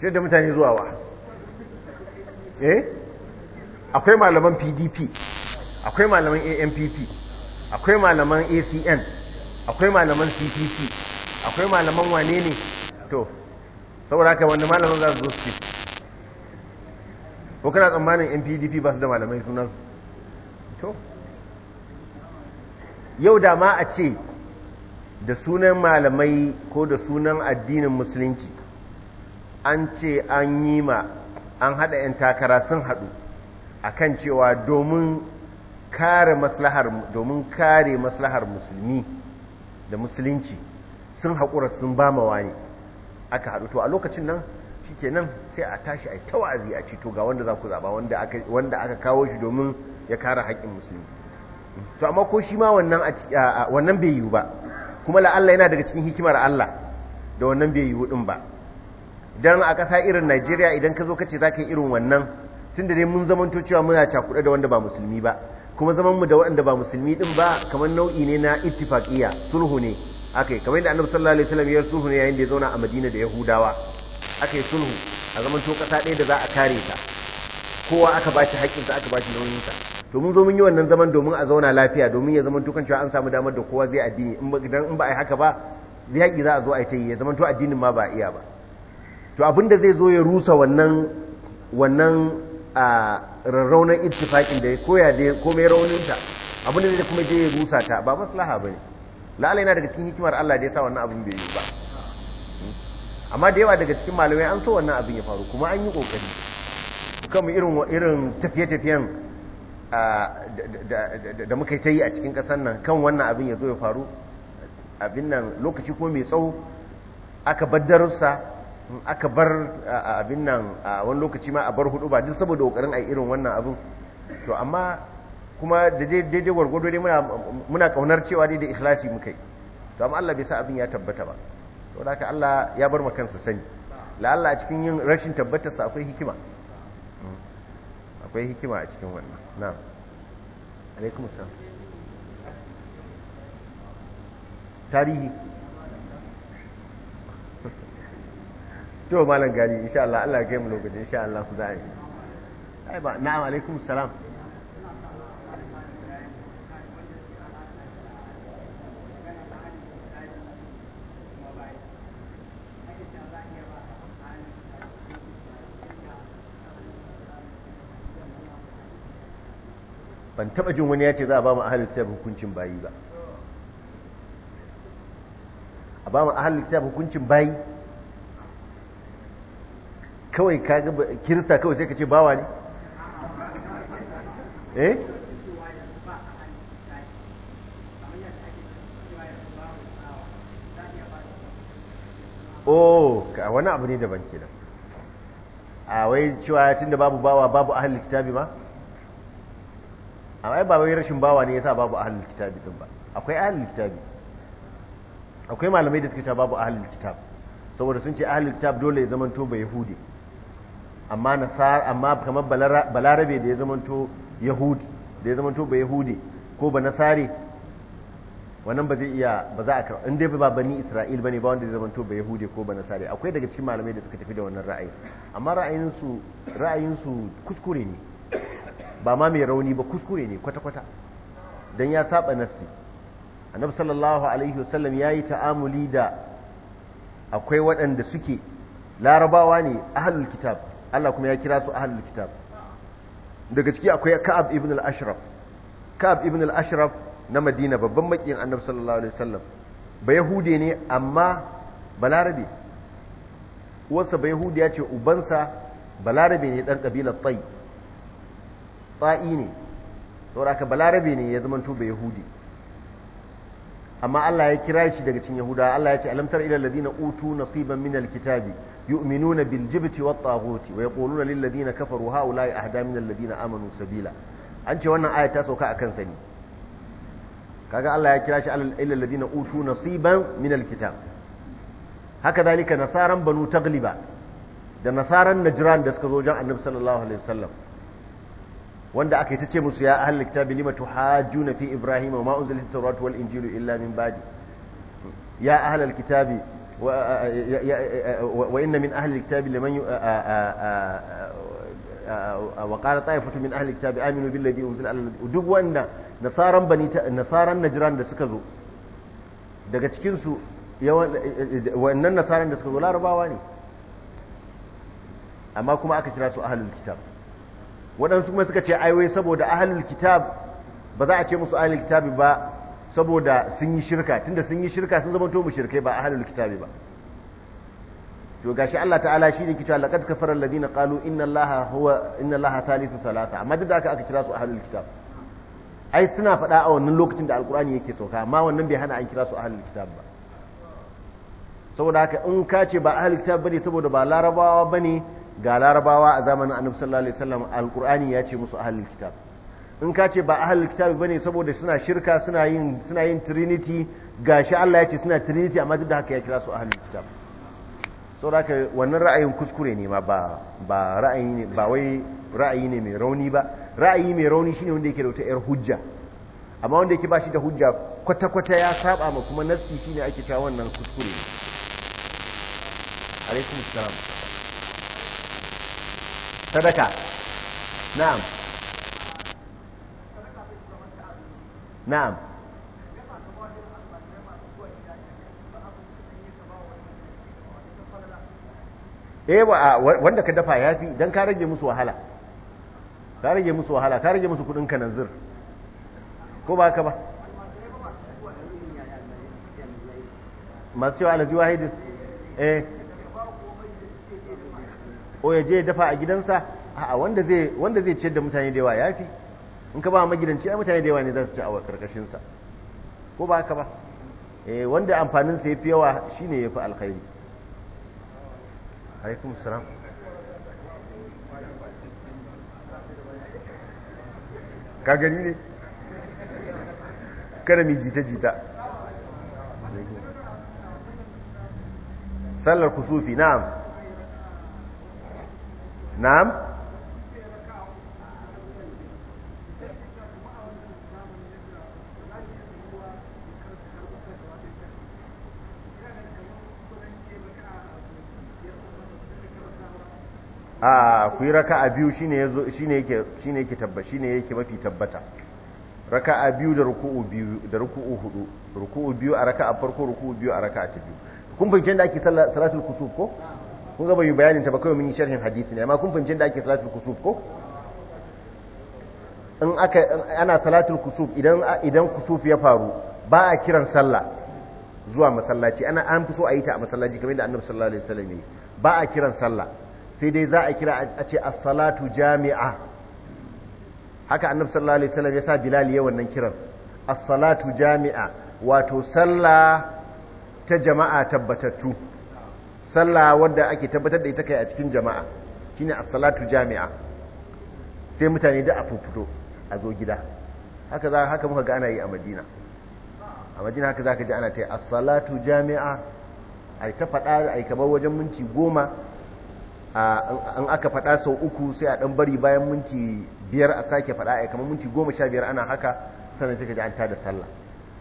sai da mutane zuwa wa eh akwai malaman pdp akwai malaman ampp akwai malaman acn akwai malaman cpp akwai malaman wane ne to saboda haka wanda malaman za su zo su ce ko kana tsammanin mpdp ba su da malamai sunan to yau da ma a ce da sunan malamai ko da sunan addinin musulunci an ce an yi ma an haɗa 'yan takara sun haɗu akan cewa domin kare maslahar domin kare maslahar musulmi da musulunci sun haƙura sun ba mawa ne aka haɗu to a lokacin nan shikenan sai a tashi a ta a cito ga wanda za ku zaɓa wanda aka kawo shi domin ya kare haƙƙin musulmi to amma ko shi ma wannan bai yiwu ba kuma la'alla yana daga cikin hikimar Allah da wannan bai yiwu din ba don a ƙasa irin najeriya idan ka zo kace za ka yi irin wannan tun da dai mun zamanto cewa muna cakuɗe da wanda ba musulmi ba kuma zaman mu da waɗanda ba musulmi ɗin ba kamar nau'i ne na ittifaqiya sulhu ne akai kamar yadda annabi sallallahu alaihi wasallam ya sulhu ne yayin da ya zauna a madina da yahudawa akai sulhu a zaman to ƙasa ɗaya da za a kare ta kowa aka bashi haƙƙinsa aka bashi sa to mun zo mun yi wannan zaman domin a zauna lafiya domin ya zaman kan cewa an samu damar da kowa zai addini in ba in ba ai haka ba zai haƙi za a zo a ta yi ya zaman to addinin ma ba iya ba to abinda zai zo ya rusa wannan wannan a rarraunar ittifaqin da ya koya da komai rauninta abinda zai kuma je ya rusa ta ba maslaha ne la'ala yana daga cikin hikimar Allah da ya sa wannan abin bai yi ba amma da yawa daga cikin malamai an so wannan abin ya faru kuma an yi kokari kan irin irin tafiye-tafiyen da muka ta yi a cikin ƙasar nan kan wannan abin ya zo ya faru abin nan lokaci ko mai tsawo aka baddarsa aka bar abin nan a wani lokaci ma a bar hudu ba duk saboda kokarin ai irin wannan abin to amma kuma da daidai gwargwado dai muna kaunar cewa dai da ikhlasi muka yi to amma Allah bai sa abin ya tabbata ba to haka Allah ya bar ma kansa sani la Allah a cikin yin rashin tabbatar sa akwai hikima hmm. akwai hikima a cikin wannan na'am alaikum assalam tarihi to malam gari insha Allah Allah ya kai mu lokaci insha Allah ku za yi ai ba na'am alaikum salam ban taba jin wani ya ce za a ba mu ahalin tsaye hukuncin bayi ba a ba mu ahalin tsaye hukuncin bayi kawai kaga kirista kawai sai ka ce bawa ne eh oh wani abu ne daban kenan a wai cewa tunda babu bawa babu ahli kitabi ma amma ba wai rashin bawa ne yasa babu ahli kitabi din ba akwai ahli kitabi akwai malamai da suka cewa babu ahli kitab saboda sun ce ahli kitab dole ya zamanto ba yahudi amma nasar amma kamar balarabe da ya zamanto yahudi da ya zamanto ba yahudi ko ba nasare wannan ba zai iya ba za a karɓa in dai ba bani isra'il bane ba wanda ya zamanto ba yahudi ko ba nasare akwai daga cikin malamai da suka tafi da wannan ra'ayi amma ra'ayinsu ra'ayinsu kuskure ne ba ma mai rauni ba kuskure ne kwata-kwata don ya saba nassi annabi sallallahu alaihi wasallam ya yi ta'amuli da akwai waɗanda suke larabawa ne ahlul kitab Allah kuma ya kira su ahlul kitab daga ciki akwai Ka'ab ibn al-Ashraf Ka'ab ibn al-Ashraf na Madina babban makiyin Annabi sallallahu alaihi wasallam ba Yahude ne amma balarabe uwarsa ba Yahudiya ce ubansa balarabe ne dan kabilar Tay Tsa'i ne saboda haka balarabe ne ya zamanto ba Yahudi amma Allah ya kira shi daga cikin Yahuda Allah ya ce alam tar ila alladhina utu nasiban min al-kitabi yu'minuna bil jibti wat taghuti wa yaquluna ahda min alladina sabila an ce wannan aya ta sauka akan sani kaga Allah ya kira shi alal ladina utu nasiban min alkitab haka zalika nasaran banu tagliba da nasaran najran da suka zo wajen annabi sallallahu wanda aka yi ta ce musu ya ahlul kitabi lima tuhajjuna fi ibrahima wa ma unzila at-taurat wal injilu illa min ba'di ya ahlul kitabi وإن من أهل الكتاب لمن وقال طائفة من أهل الكتاب آمنوا بالذي أنزل على duk wanda nasaran نصارى بني نصارى da ده سكزو daga cikin su wannan nasaran da suka zo larabawa ne amma kuma aka kira su ahlul kitab waɗansu kuma suka ce ai wai saboda ahlul kitab ba za a ce musu ahlul kitab ba saboda sun yi shirka tunda sun yi shirka sun zama to mushrikai ba ahlul kitabi ba to gashi Allah ta'ala shi ne kita laqad kafara alladhina qalu inna allaha huwa inna allaha thalithu thalatha amma duk da aka aka kira su ahlul kitab ai suna faɗa a wannan lokacin da alqur'ani yake sauka amma wannan bai hana an kira su ahlul kitab ba saboda haka in ka ce ba ahlul kitab bane saboda ba larabawa bane ga larabawa a zamanin annabi sallallahu alaihi wasallam alqur'ani ya ce musu ahlul kitab in ka ce ba ahlul kitabi bane saboda suna shirka suna yin suna yin trinity gashi Allah ya ce suna trinity amma duk da haka ya kira su ahlul kitab saboda wannan ra'ayin kuskure ne ma ba ba ra'ayi ne ba wai ra'ayi ne mai rauni ba ra'ayi mai rauni shine wanda yake da wata yar hujja amma wanda yake ba shi da hujja kwata-kwata ya saba ma kuma nassi shine ake cewa wannan kuskure ne alaikum salam sadaka na'am na'am eh wanda ka dafa yafi dan ka rage musu wahala ka rage musu wahala ka rage musu kudin kananzir ko ba ka ba masu yawa alaji wahidi eh o ya je dafa a gidansa a wanda zai ciyar da mutane da yawa yafi in ka ba magidanci ai mutane da yawa ne za su ci a karkashin sa ko ba haka ba eh wanda amfanin sa yafi yawa shine yafi alkhairi alaikum salam ka gani ne kada mi jita jita sallar kusufi na'am na'am ku yi raka'a biyu shi ne yake tabba shi ne yake mafi tabbata raka'a biyu da ruku'u biyu da ruku'u hudu ruku'u biyu a raka'a farko ruku'u biyu a raka'a ta biyu kun fahimci da ake salatul kusuf ko kun gaba yi bayanin ta ba kai sharhin hadisi ne amma kun fahimci da ake salatul kusuf ko in aka ana salatul kusuf idan kusuf ya faru ba a kiran sallah zuwa masallaci ana an fi so a yi ta a masallaci kamar da annabi sallallahu alaihi wasallam ba a kiran sallah sai dai za a kira a ce as-salatu jami'a haka annabi sallallahu alaihi wasallam ya sa bilal ya wannan kiran as-salatu jami'a wato sallah ta jama'a tabbatattu sallah wanda ake tabbatar da ita kai a cikin jama'a shine as-salatu jami'a sai mutane da a a zo gida haka za haka muka ga ana yi a Madina a Madina haka zaka ji ana ta as-salatu jami'a ai ta fada ai kamar wajen minti goma an aka faɗa sau uku sai a ɗan bari bayan minti biyar a sake faɗa a kamar minti goma sha biyar ana haka sannan sai ka ji an tada sallah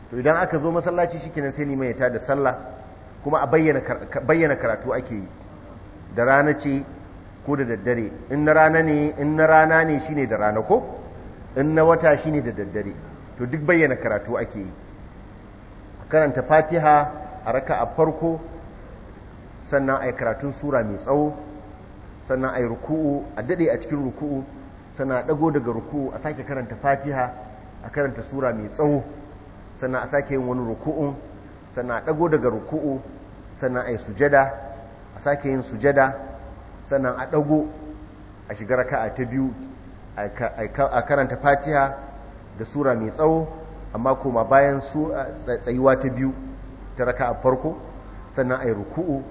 to idan aka zo masallaci shikenan sai ma ya tada sallah kuma a bayyana karatu ake yi da rana ce ko da daddare in na rana ne in na rana ne shine da rana ko in na wata shine da daddare to duk bayyana karatu ake yi karanta fatiha a raka a farko sannan a karatun sura mai tsawo sannan a yi ruku'u a daɗe a cikin ruku'u sannan a ɗago daga ruku'u a sake karanta fatiha a karanta sura mai tsawo sannan a sake yin wani ruku'u sannan a ɗago daga ruku'u sannan a yi sujada a sake yin sujada sannan a ɗago a shiga raka'a ta biyu a karanta fatiha da sura mai tsawo amma koma bayan tsayuwa ta biyu ta raka a farko sannan a yi ruku'u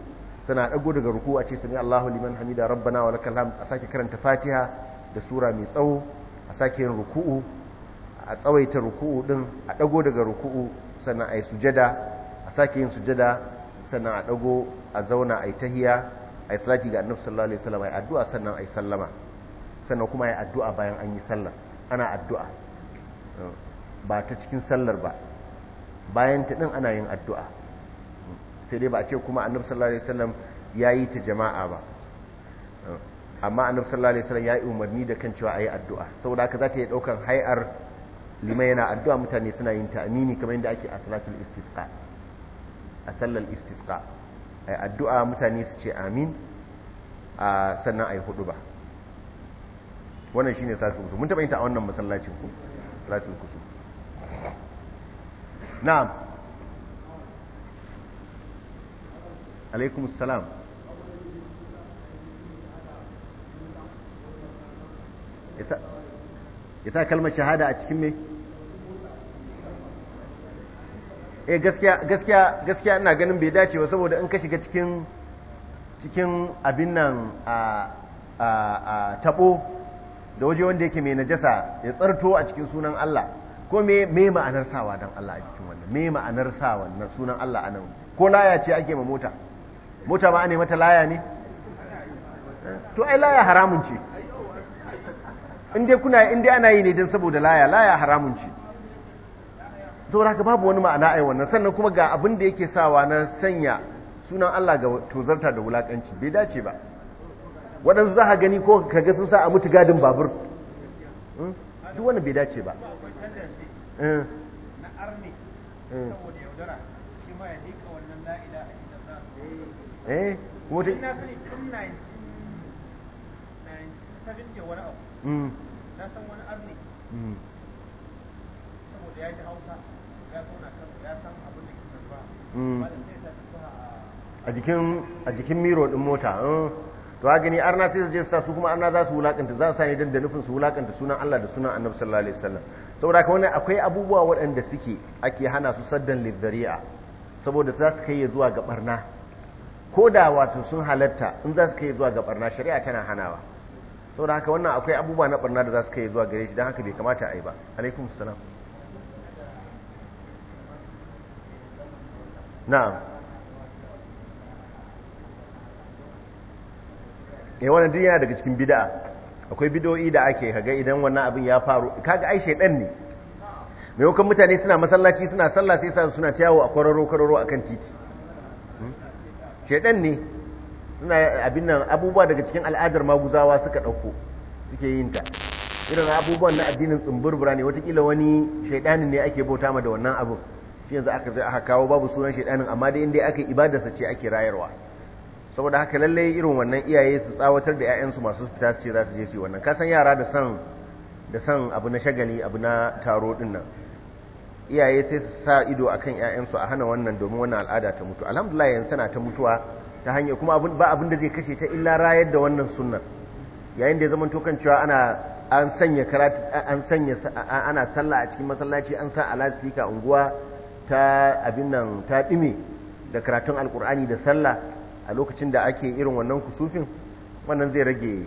tana ɗago daga ruku a ce sami Allahu liman hamida rabbana wa lakal hamd a sake karanta Fatiha da sura mai tsawo a sake yin ruku'u a tsawaita ruku'u din a ɗago daga ruku'u sannan yi sujada a sake yin sujada sannan a ɗago a zauna ai tahiya yi salati ga Annabi sallallahu alaihi wasallam yi addu'a sannan yi sallama sannan kuma yi addu'a bayan an yi sallah ana addu'a eh, ba ta cikin sallar ba bayan ta din ana yin addu'a sai dai ba a ce kuma annabi sallallahu alaihi wasallam ya yi ta jama'a ba amma annabi sallallahu alaihi wasallam ya yi umarni da kan cewa ayi addu'a saboda haka za ta yi daukan hay'ar lima yana addu'a mutane suna yin ta amini kamar yadda ake a salatul istisqa a sallar istisqa ayi addu'a mutane su ce amin a sannan ayi hudu ba wannan shine salatul kusum mun taba yin ta a wannan masallacin ku salatul kusum na'am alaikum salam ya sa kalmar shahada a cikin me eh gaskiya gaskiya gaskiya ina ganin bai dace ba saboda in ka shiga cikin cikin abin nan a a tabo da waje wanda yake mai najasa ya tsarto a cikin sunan Allah ko me me ma'anar sawa dan Allah a cikin wannan me ma'anar sawa na sunan Allah anan ko laya ce ake ma mota mota ba a mata laya ne to ai laya haramun ce inda kuna inda ana yi ne don saboda laya laya haramun ce saboda haka babu wani ma'ana ai wannan sannan kuma ga abin da yake sawa na sanya sunan Allah ga tozarta da wulakanci bai dace ba waɗansu za a gani ko kaga sun sa a mutu gadin babur hmm? duk wani bai dace ba eh. na arni eh. saboda yaudara shi ma ya eh wata na sani tun 1970 wani abu mm. na san wani arni mm. saboda ya ji hausa ya zauna kan ya san abin da ke karba. ba mm. da sai sa tafiya a jikin a jikin miro din mota eh. to a gani arna sai su je su su kuma arna za su wulakanta za su sani ne dan da nufin su wulakanta sunan Allah da sunan Annabi sallallahu alaihi wasallam saboda ka wannan akwai abubuwa waɗanda suke ake hana su saddan lidhari'a saboda za su kai ya zuwa ga barna ko da wato sun halatta in za su kai zuwa ga barna shari'a tana hanawa da haka wannan akwai abubuwa na barna da za su kai zuwa gare shi don haka bai kamata a yi ba alaikum salam na'am eh wani duniya daga cikin bid'a akwai bid'o'i da ake kaga idan wannan abin ya faru kaga ai ɗan ne maimakon mutane suna masallaci suna sallah sai sa suna ta yawo a kwararo kwararo akan titi Shaidan ne suna abin nan abubuwa daga cikin al'adar maguzawa suka ɗauko suke yin ta irin abubuwan na addinin tsumburbura ne watakila wani shaidanin ne ake bauta ma da wannan abin shi yanzu aka zai aka kawo babu sunan shaidanin amma dai inda aka ibadarsa ce ake rayarwa saboda haka lallai irin wannan iyaye su tsawatar da 'ya'yansu masu fita su ce za su je su yi wannan kasan yara da san abu na shagali abu na taro ɗin nan iyaye sai su sa ido a kan 'ya'yansu a hana wannan domin wannan al'ada ta mutu alhamdulillah yanzu tana ta mutuwa ta hanyar kuma ba abin da zai kashe ta illa rayar da wannan sunan yayin da ya zama tokan cewa ana an sallah a cikin masallaci an sa alaspika unguwa ta abin nan ta ɗime da karatun alkur'ani da sallah a lokacin da ake irin wannan kusufin wannan zai rage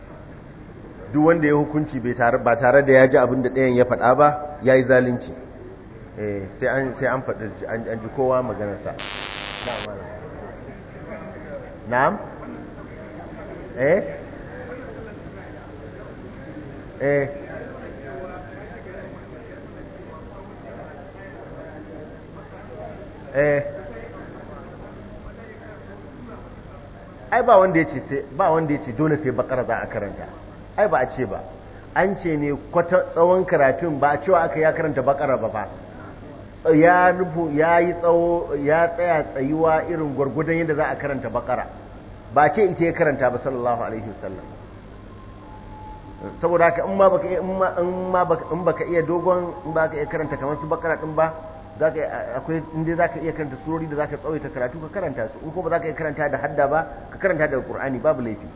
duk wanda ya hukunci ba tare da ya ji abin da ɗayan ya faɗa ba ya yi zalunci eh, sai an faɗi an ji kowa maganarsa na'am eh eh eh ai ba wanda ya ce dole sai bakar za a karanta ai ba a ce ba an ce ne kwata tsawon karatun ba a cewa aka ya karanta bakara ba ba ya rubu ya yi tsawo ya tsaya tsayuwa irin gwargudan yadda za a karanta bakara ba ce ita ya karanta ba sallallahu alaihi wasallam saboda haka in ma baka in ma in baka iya dogon in ka iya karanta kamar su bakara din ba ka akwai inda ka iya karanta surori da za zaka tsawaita karatu ka karanta su in ko ba za ka iya karanta da hadda ba ka karanta da qur'ani babu laifi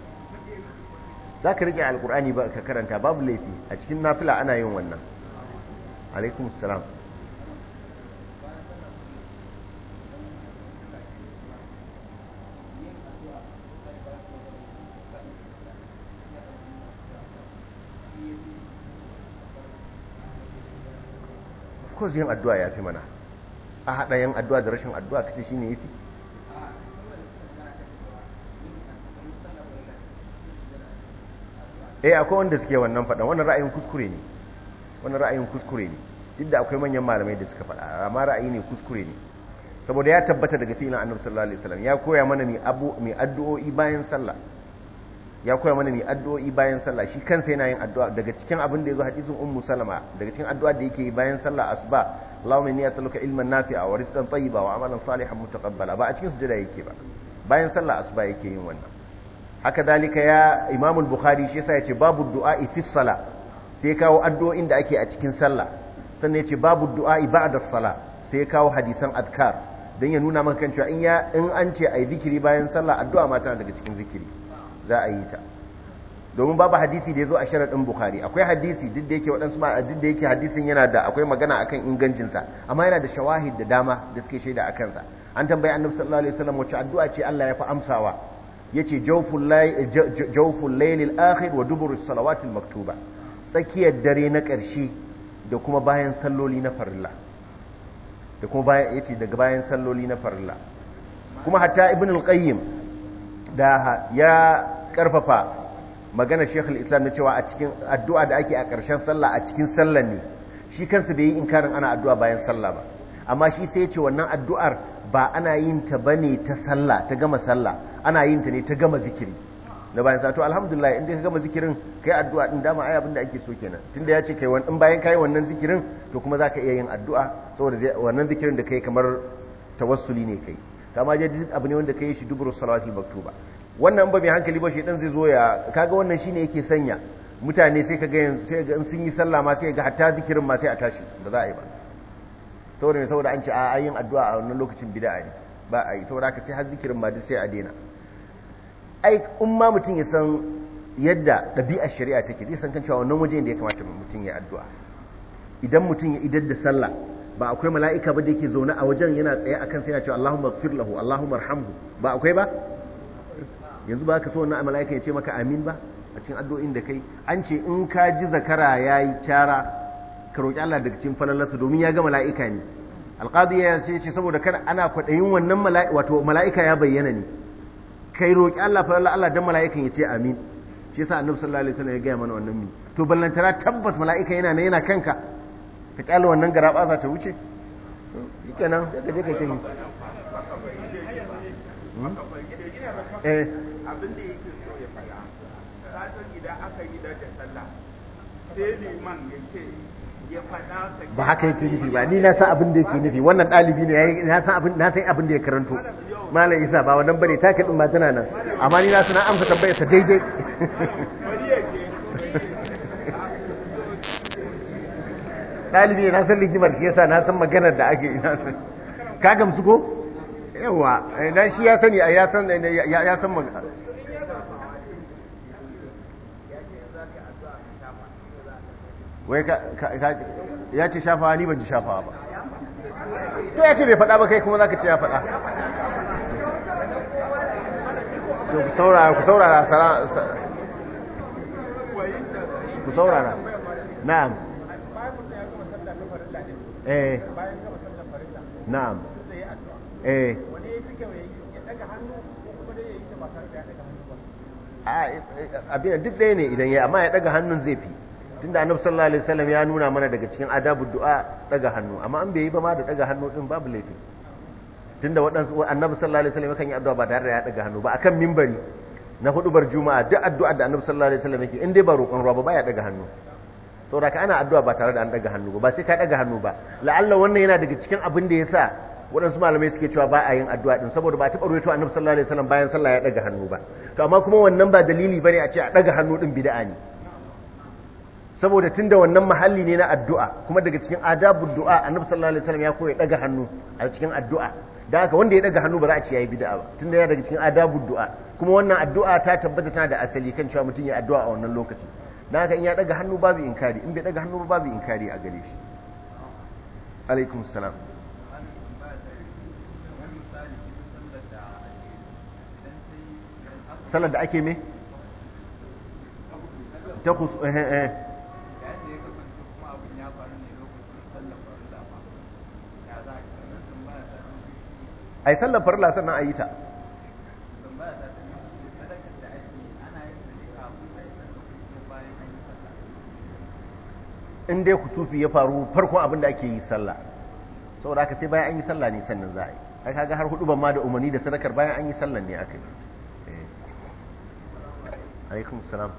za ka rike alkur'ani ba ka karanta babu laifi a cikin nafila ana yin wannan alaikum salam of course yin addu'a ya fi mana a haɗa yin addu'a da rashin addu'a kace shine yafi eh akwai wanda suke wannan faɗan wannan ra'ayin kuskure ne wannan ra'ayin kuskure ne duk da akwai manyan malamai da suka fad'a amma ra'ayi ne kuskure ne saboda ya tabbata daga fi'ilin annabi sallallahu alaihi wasallam ya koya mana mi abu mi addu'o'i bayan sallah ya koya mana mi addu'o'i bayan sallah shi kansa yana yin addu'a daga cikin abin da yazo hadisin ummu salama daga cikin addu'a da yake yi bayan sallah asuba Allahumma inni as'aluka ilman nafi'a wa rizqan tayyiba wa amalan salihan mutaqabbala ba a cikin sujada yake ba bayan sallah asuba yake yin wannan haka zalika ya imamul bukhari shi yasa ya ce babu du'a fi sala sai kawo addu'o'in da ake a cikin sallah sannan ya ce babu du'a'i ba'da sala sai ya kawo hadisan adkar don ya nuna maka kan cewa in an ce a yi zikiri bayan sallah addu'a ma tana daga cikin zikiri za a yi ta domin babu hadisi da ya zo a din bukhari akwai hadisi duk da yake waɗansu ma duk da yake hadisin yana da akwai magana akan ingancinsa amma yana da shawahid da dama da suke shaida a kansa an tambayi annabi sallallahu alaihi wasallam wace addu'a ce Allah ya fi amsawa yace jawful laylil akhir wa as-salawat al maktuba tsakiyar dare na ƙarshe da kuma bayan salloli na farilla da kuma bayan yace daga bayan salloli na farilla kuma hatta ibn al-qayyim da ya karfafa magana sheikh al-islam na cewa a cikin addu'a da ake a ƙarshen sallah a cikin sallah ne shi kansa bai yi inkarin ana addu'a bayan sallah ba amma shi sai ya ce wannan addu'ar ba ana yin ta bane ta sallah ta gama sallah ana yin ta ne ta gama zikiri na bayan sa to alhamdulillah inda ka gama zikirin kai addu'a din dama ai abin da ake so kenan tunda ya ce kai wani in bayan kai wannan zikirin to kuma zaka iya yin addu'a saboda wannan zikirin da kai kamar tawassuli ne kai kama je duk abu ne wanda kai shi duburu salati maktuba wannan ba mai hankali ba shi dan zai zo ya kaga wannan shine yake sanya mutane sai ka ga sai ga in sun yi sallah ma sai ga hatta zikirin ma sai a tashi ba za a yi ba saboda ne saboda an ce a yin addu'a a wannan lokacin bid'a ne ba a yi saboda ka sai har zikirin ma duk sai a daina ai in ma mutum ya san yadda dabi'ar shari'a take zai san kan cewa wannan waje inda ya kamata mutum ya addu'a idan mutum ya idar da sallah ba akwai mala'ika ba da yake zaune a wajen yana tsaye akan sai yana cewa Allahumma ighfir lahu Allahumma arhamhu ba akwai ba yanzu ba ka so wannan mala'ika ya ce maka amin ba a cikin addu'o'in da kai an ce in ka ji zakara yayi tara ka roki Allah daga cikin falalarsa domin ya ga mala'ika ne alqadi ya ce saboda kada ana kwadayin wannan mala'ika wato mala'ika ya bayyana ne kai roƙi Allah fa Allah Allah dan mala'ikan ya ce amin shi yasa annabi sallallahu alaihi wasallam ya gaya mana wannan mi to ballantara tabbas mala'ika yana ne yana kanka ka kyale wannan garaba za ta wuce kenan ka je ka ce ni hmm? eh abin da yake so ya faɗa ka idan aka yi da sallah sai liman ya ce ba haka yake nufi ba ni na san abin da yake nufi wannan dalibi ne na san abin na san abin da ya karanto malam isa ba wannan bane take din ba tana nan amma ni na san amsa tambayar sa daidai dalibi na san ligimar shi yasa na san maganar da ake ina san ka gamsu ko yawa dan eh, shi ya sani ya san ya san wai ya ce shafawa ni ban ji shafawa ba to ya ce bai faɗa ba kai kuma za ka ce ya faɗa ku saurara ku saurara na'am eh na'am eh, ah, eh, eh abin duk ɗaya ne idan ya amma ya ɗaga hannun zai fi tunda annabi sallallahu alaihi wasallam ya nuna mana daga cikin adabu du'a daga hannu amma an bai yi ba ma da daga hannu din babu laifi tunda waɗansu annabi sallallahu alaihi wasallam kan yi addu'a ba tare da ya daga hannu ba akan mimbari na hudubar juma'a duk addu'a da annabi sallallahu alaihi wasallam yake in dai ba roƙon ruwa ba ya daga hannu saboda ka ana addu'a ba tare da an daga hannu ba ba sai ka daga hannu ba la'alla wannan yana daga cikin abin da yasa waɗansu malamai suke cewa ba a yin addu'a din saboda ba ta ɓarwe to annabi sallallahu alaihi wasallam bayan sallah ya daga hannu ba to amma kuma wannan ba dalili bane a ce a daga hannu din bid'a ne saboda tun da wannan mahalli ne na addu'a kuma daga cikin adabud du'a annabi sallallahu alaihi wasallam ya koya daga hannu a cikin addu'a da haka wanda ya daga hannu ba za a ce yayi bid'a ba tun da yana daga cikin adabu du'a kuma wannan addu'a ta tabbata tana da asali kan cewa mutum ya addu'a a wannan lokaci da haka in ya daga hannu babu inkari in bai daga hannu ba babu inkari a gare shi alaikum salam sallar da ake me ta kusa eh eh, eh. a yi sallar farla sannan a yi ta in dai sufi ya faru farkon abin da ake yi sallah saboda aka ce bayan an yi sallah ne sannan za a yi ai kaga har hudu ban ma da umarni da sadakar bayan an yi sallah ne aka yi eh. alaikum salam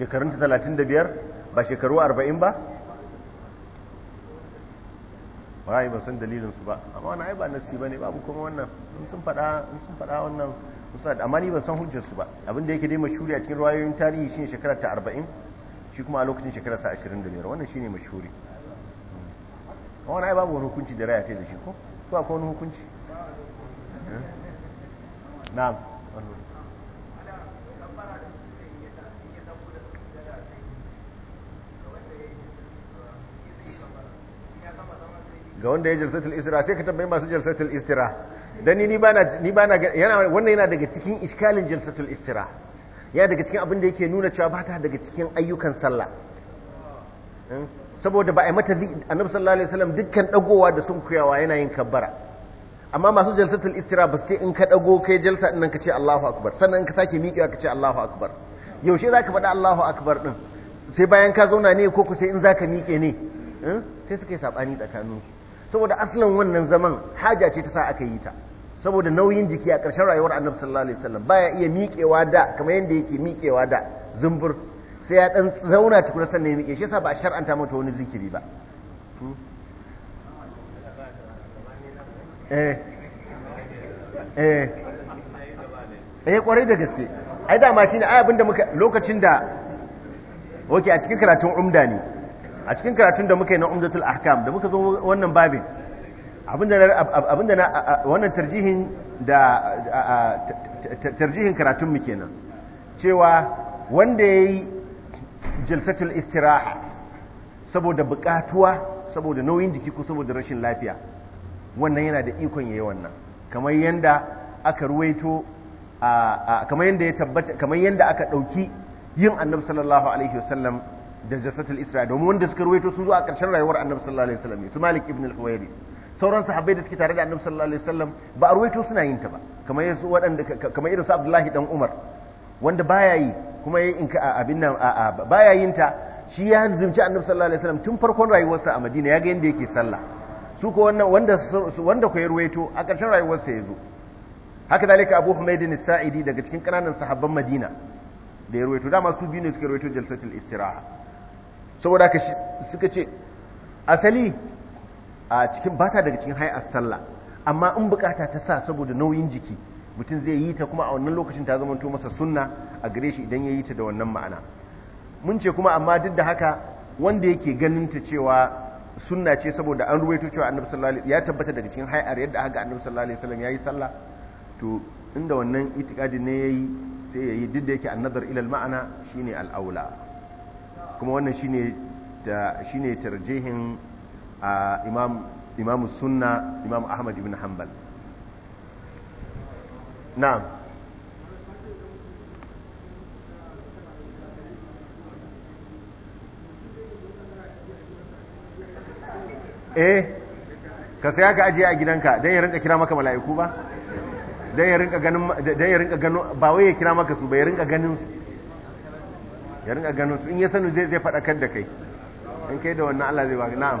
shekarunta talatin da biyar ba shekaru arba'in ba ba yi basan san dalilinsu ba amma wani ai ba nasi ba ne babu kuma wannan in sun faɗa wannan musa amma ni ban san hujjarsu ba abinda yake dai shuri a cikin ruwayoyin tarihi shine shekarar ta arba'in shi kuma a lokacin shekarar sa ashirin da biyar wannan shine mashuri wani ai babu wani hukunci da raya ta da shi ko ko akwai wani hukunci eh? na'am ga wanda ya jalsatul istira sai ka tambayi masu jalsatul istira dan ni bana ni bana yana wannan yana daga cikin iskalin jalsatul istira ya daga cikin abin da yake nuna cewa ba ta daga cikin ayyukan sallah hmm? saboda ba a mata annabi sallallahu alaihi wasallam dukkan dagowa da sun kuyawa yana yin kabbara amma masu jalsatul istira ba ce in ka dago kai jalsa din nan ka ce Allahu akbar sannan in ka sake miƙewa ka ce Allahu akbar yaushe zaka faɗa Allahu akbar din sai bayan ka zauna ne ko ku sai in zaka miƙe ne hmm? sai suka yi sabani tsakaninsu saboda aslan wannan zaman haja ce ta sa aka yi ta saboda nauyin jiki a ƙarshen rayuwar annabi sallallahu alaihi wasallam baya iya miƙewa da kamar yadda yake miƙewa da zumbur sai ya dan zauna tukuna sannan ya miƙe shi yasa ba a shar'anta mata wani zikiri ba hmm? eh eh eh kwarai da gaske ai ma shine ai abinda muka lokacin da oke a cikin karatun umda ne a cikin karatun da muka yi na umdatul ahkam da muka zo wannan babin abinda na wannan tarjihin da tarjihin karatun kenan cewa wanda yayi jalsatul istiraha saboda bukatuwa saboda nauyin jiki ko saboda rashin lafiya wannan yana da ikon yayi wannan kamar yanda aka ruwaito kamar yanda ya tabbata kamar yanda aka dauki yin annabi sallallahu alaihi wasallam da jasatul isra domin wanda suka ruwaito sun zuwa a ƙarshen rayuwar annabi sallallahu alaihi wasallam su malik ibn al-huwairi sauran sahabbai da suke tare da annabi sallallahu alaihi wasallam ba a ruwaito suna yin ta ba kamar yanzu waɗanda kamar irin su abdullahi dan umar wanda baya yi kuma yayin inka abin nan a baya yin ta shi ya zumci annabi sallallahu alaihi wasallam tun farkon rayuwarsa a madina ya ga yanda yake sallah su ko wannan wanda wanda ko ruwaito a ƙarshen rayuwarsa ya zo haka dalika abu humaydin sa'idi daga cikin ƙananan sahabban madina da ya ruwaito dama su biyu ne suke ruwaito jalsatul istiraha saboda ka suka ce asali a cikin bata daga cikin hayar sallah amma in bukata ta sa saboda nauyin jiki mutum zai yi ta kuma a wannan lokacin ta zama masa sunna a gare shi idan ya yi ta da wannan ma'ana mun ce kuma amma duk da haka wanda yake ganin ta cewa sunna ce saboda an ruwaito cewa annabi sallallahu ya tabbata daga cikin hayar yadda haka annabi sallallahu alaihi wasallam yayi sallah to inda wannan itikadi ne yayi sai yayi duk da yake annadar ila al-ma'ana shine al-aula kuma wannan shine da shine tarjihin imam imam sunna imam ahmad ibn hanbal na'am eh ka saya ka ajiye a gidanka don ya rinka kira maka mala'iku ba don ya rinka ganin ba wai ya kira maka su ba ya rinka ganin su ya rinka gano su in ya sanu zai zai faɗakar da kai in kai da wannan Allah zai ba na'am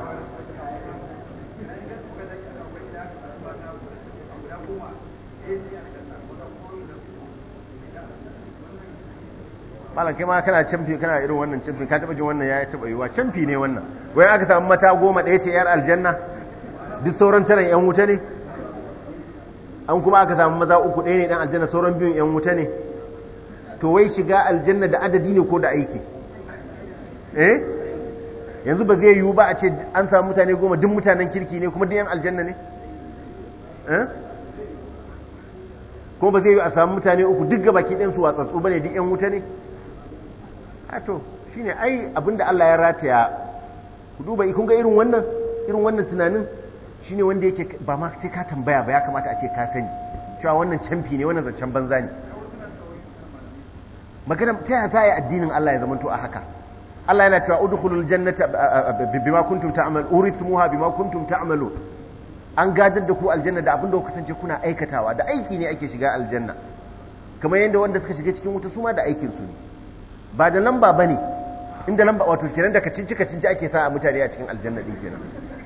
malam kai ma kana camfi kana irin wannan camfi ka taba jin wannan ya taba yiwa camfi ne wannan wai aka samu mata goma ɗaya ce yar aljanna duk sauran tara yan wuta ne an kuma aka samu maza uku ɗaya ne dan aljanna sauran biyun yan wuta ne to wai shiga aljanna da adadi ne ko da aiki eh yanzu ba zai yiwu ba a ce an samu mutane goma duk mutanen kirki ne kuma duk yan aljanna ne eh ko ba zai yiwu a samu mutane uku duk ga baki ɗansu watsatsu ba ne duk yan wuta ne a to shi ne ai abinda Allah ya rataya ku duba ikon ga irin wannan irin wannan tunanin shi ne wanda yake ba ma sai ka tambaya ba ya kamata a ce ka sani cewa wannan camfi ne wannan zancen banza ne magana ta yaya za addinin Allah ya zamanto a haka Allah yana cewa udkhulul jannata bima kuntum ta'malu urithmuha bima kuntum ta'malu an gadar da ku aljanna da abinda kuka kasance kuna aikatawa da aiki ne ake shiga aljanna kamar yadda wanda suka shiga cikin wuta su ma da aikin su ne ba da lamba bane inda lamba wato kenan da cika kacinci ake sa a mutane a cikin aljanna din kenan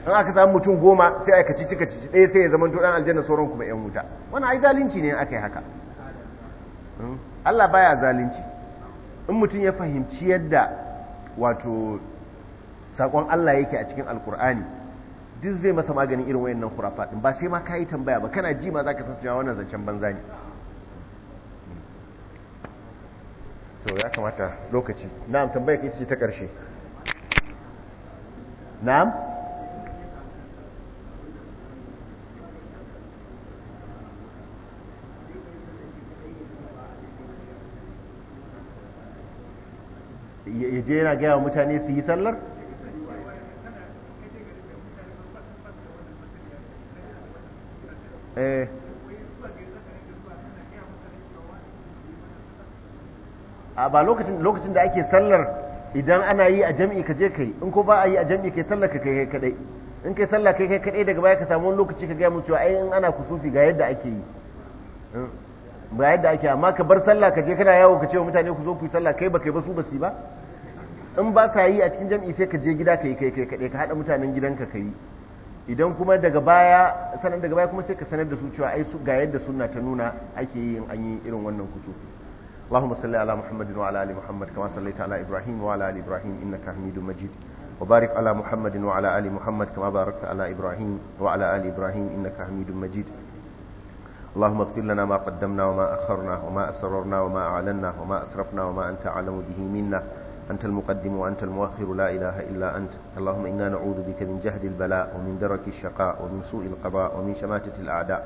in aka samu mutum goma sai aka cika kacinci ɗaya sai ya zama to dan aljanna sauran kuma yan wuta wannan ai zalunci ne in aka yi haka hmm? Allah baya zalunci in mutum ya fahimci yadda wato sakon Allah yake a cikin alkur'ani duk zai masa maganin irin wayannan khurafa din ba sai ma yi tambaya ba kana ji ma za ka cewa wannan zancen banza ne to ya kamata lokaci na'am tambayar kai ce ta karshe na'am ya je yana gaya wa mutane su yi sallar eh. a ba lokacin da ake sallar idan ana yi a jam'i ka je kai in ko ba a yi a jam'i kai sallar ka kai kadai in kai sallar kai kai kadai daga baya ka samu wani lokaci ka gaya mutuwa cewa ai in ana kusufi ga yadda ake yi hmm. ba yadda ake amma ka bar sallah ka je kana yawo ka ce wa mutane ku zo ku yi sallah kai ba kai ba su ba su ba in ba sa yi a cikin jam'i sai ka je gida ka yi kai kai kaɗai ka haɗa mutanen gidanka ka yi idan kuma daga baya sanar daga baya kuma sai ka sanar da su cewa ai ga yadda sunna ta nuna ake yi an yi irin wannan kusufi اللهم صل على محمد وعلى ال محمد كما صليت على ابراهيم وعلى ال ابراهيم انك حميد مجيد وبارك على محمد وعلى ال محمد كما باركت على ابراهيم وعلى ال ابراهيم انك حميد مجيد اللهم اغفر لنا ما قدمنا وما أخرنا وما أسررنا وما أعلنا وما أسرفنا وما أنت أعلم به منا أنت المقدم وأنت المؤخر لا إله إلا أنت اللهم إنا نعوذ بك من جهد البلاء ومن درك الشقاء ومن سوء القضاء ومن شماتة الأعداء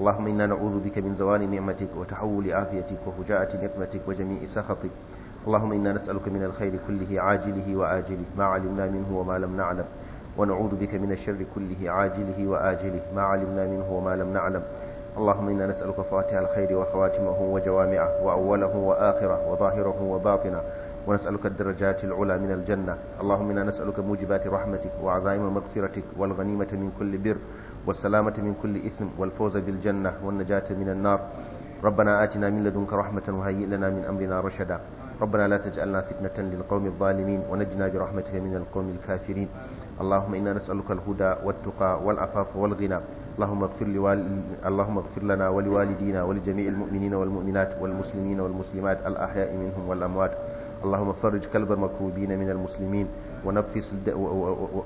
اللهم إنا نعوذ بك من زوال نعمتك وتحول آفيتك وفجاءة نقمتك وجميع سخطك اللهم إنا نسألك من الخير كله عاجله وآجله ما علمنا منه وما لم نعلم ونعوذ بك من الشر كله عاجله وآجله ما علمنا منه وما لم نعلم اللهم إنا نسألك فواتح الخير وخواتمه وجوامعه وأوله وآخره وظاهره وباطنه ونسألك الدرجات العلى من الجنة اللهم إنا نسألك موجبات رحمتك وعزائم مغفرتك والغنيمة من كل بر والسلامة من كل إثم والفوز بالجنة والنجاة من النار ربنا آتنا من لدنك رحمة وهيئ لنا من أمرنا رشدا ربنا لا تجعلنا فتنة للقوم الظالمين ونجنا برحمتك من القوم الكافرين اللهم إنا نسألك الهدى والتقى والعفاف والغنى اللهم اغفر, لوال... اللهم اغفر لنا ولوالدينا ولجميع المؤمنين والمؤمنات والمسلمين والمسلمات الأحياء منهم والأموات اللهم فرج كلب المكروبين من المسلمين ونفس الد...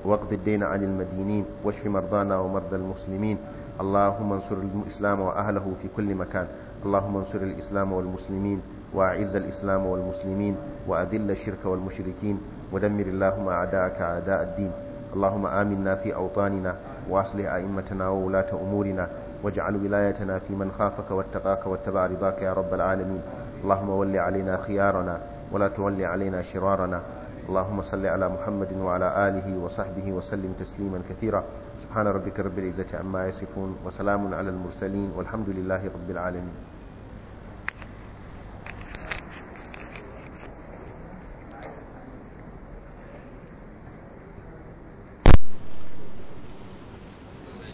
واقض الدين عن المدينين واشف مرضانا ومرضى المسلمين اللهم انصر الإسلام وأهله في كل مكان اللهم انصر الإسلام والمسلمين وأعز الإسلام والمسلمين وأذل الشرك والمشركين ودمر اللهم أعداءك أعداء الدين اللهم آمنا في أوطاننا وأصلح أئمتنا وولاة أمورنا واجعل ولايتنا في من خافك واتقاك واتبع رضاك يا رب العالمين اللهم ول علينا خيارنا ولا تول علينا شرارنا اللهم صل على محمد وعلى آله وصحبه وسلم تسليما كثيرا سبحان ربك رب العزة عما يصفون وسلام على المرسلين والحمد لله رب العالمين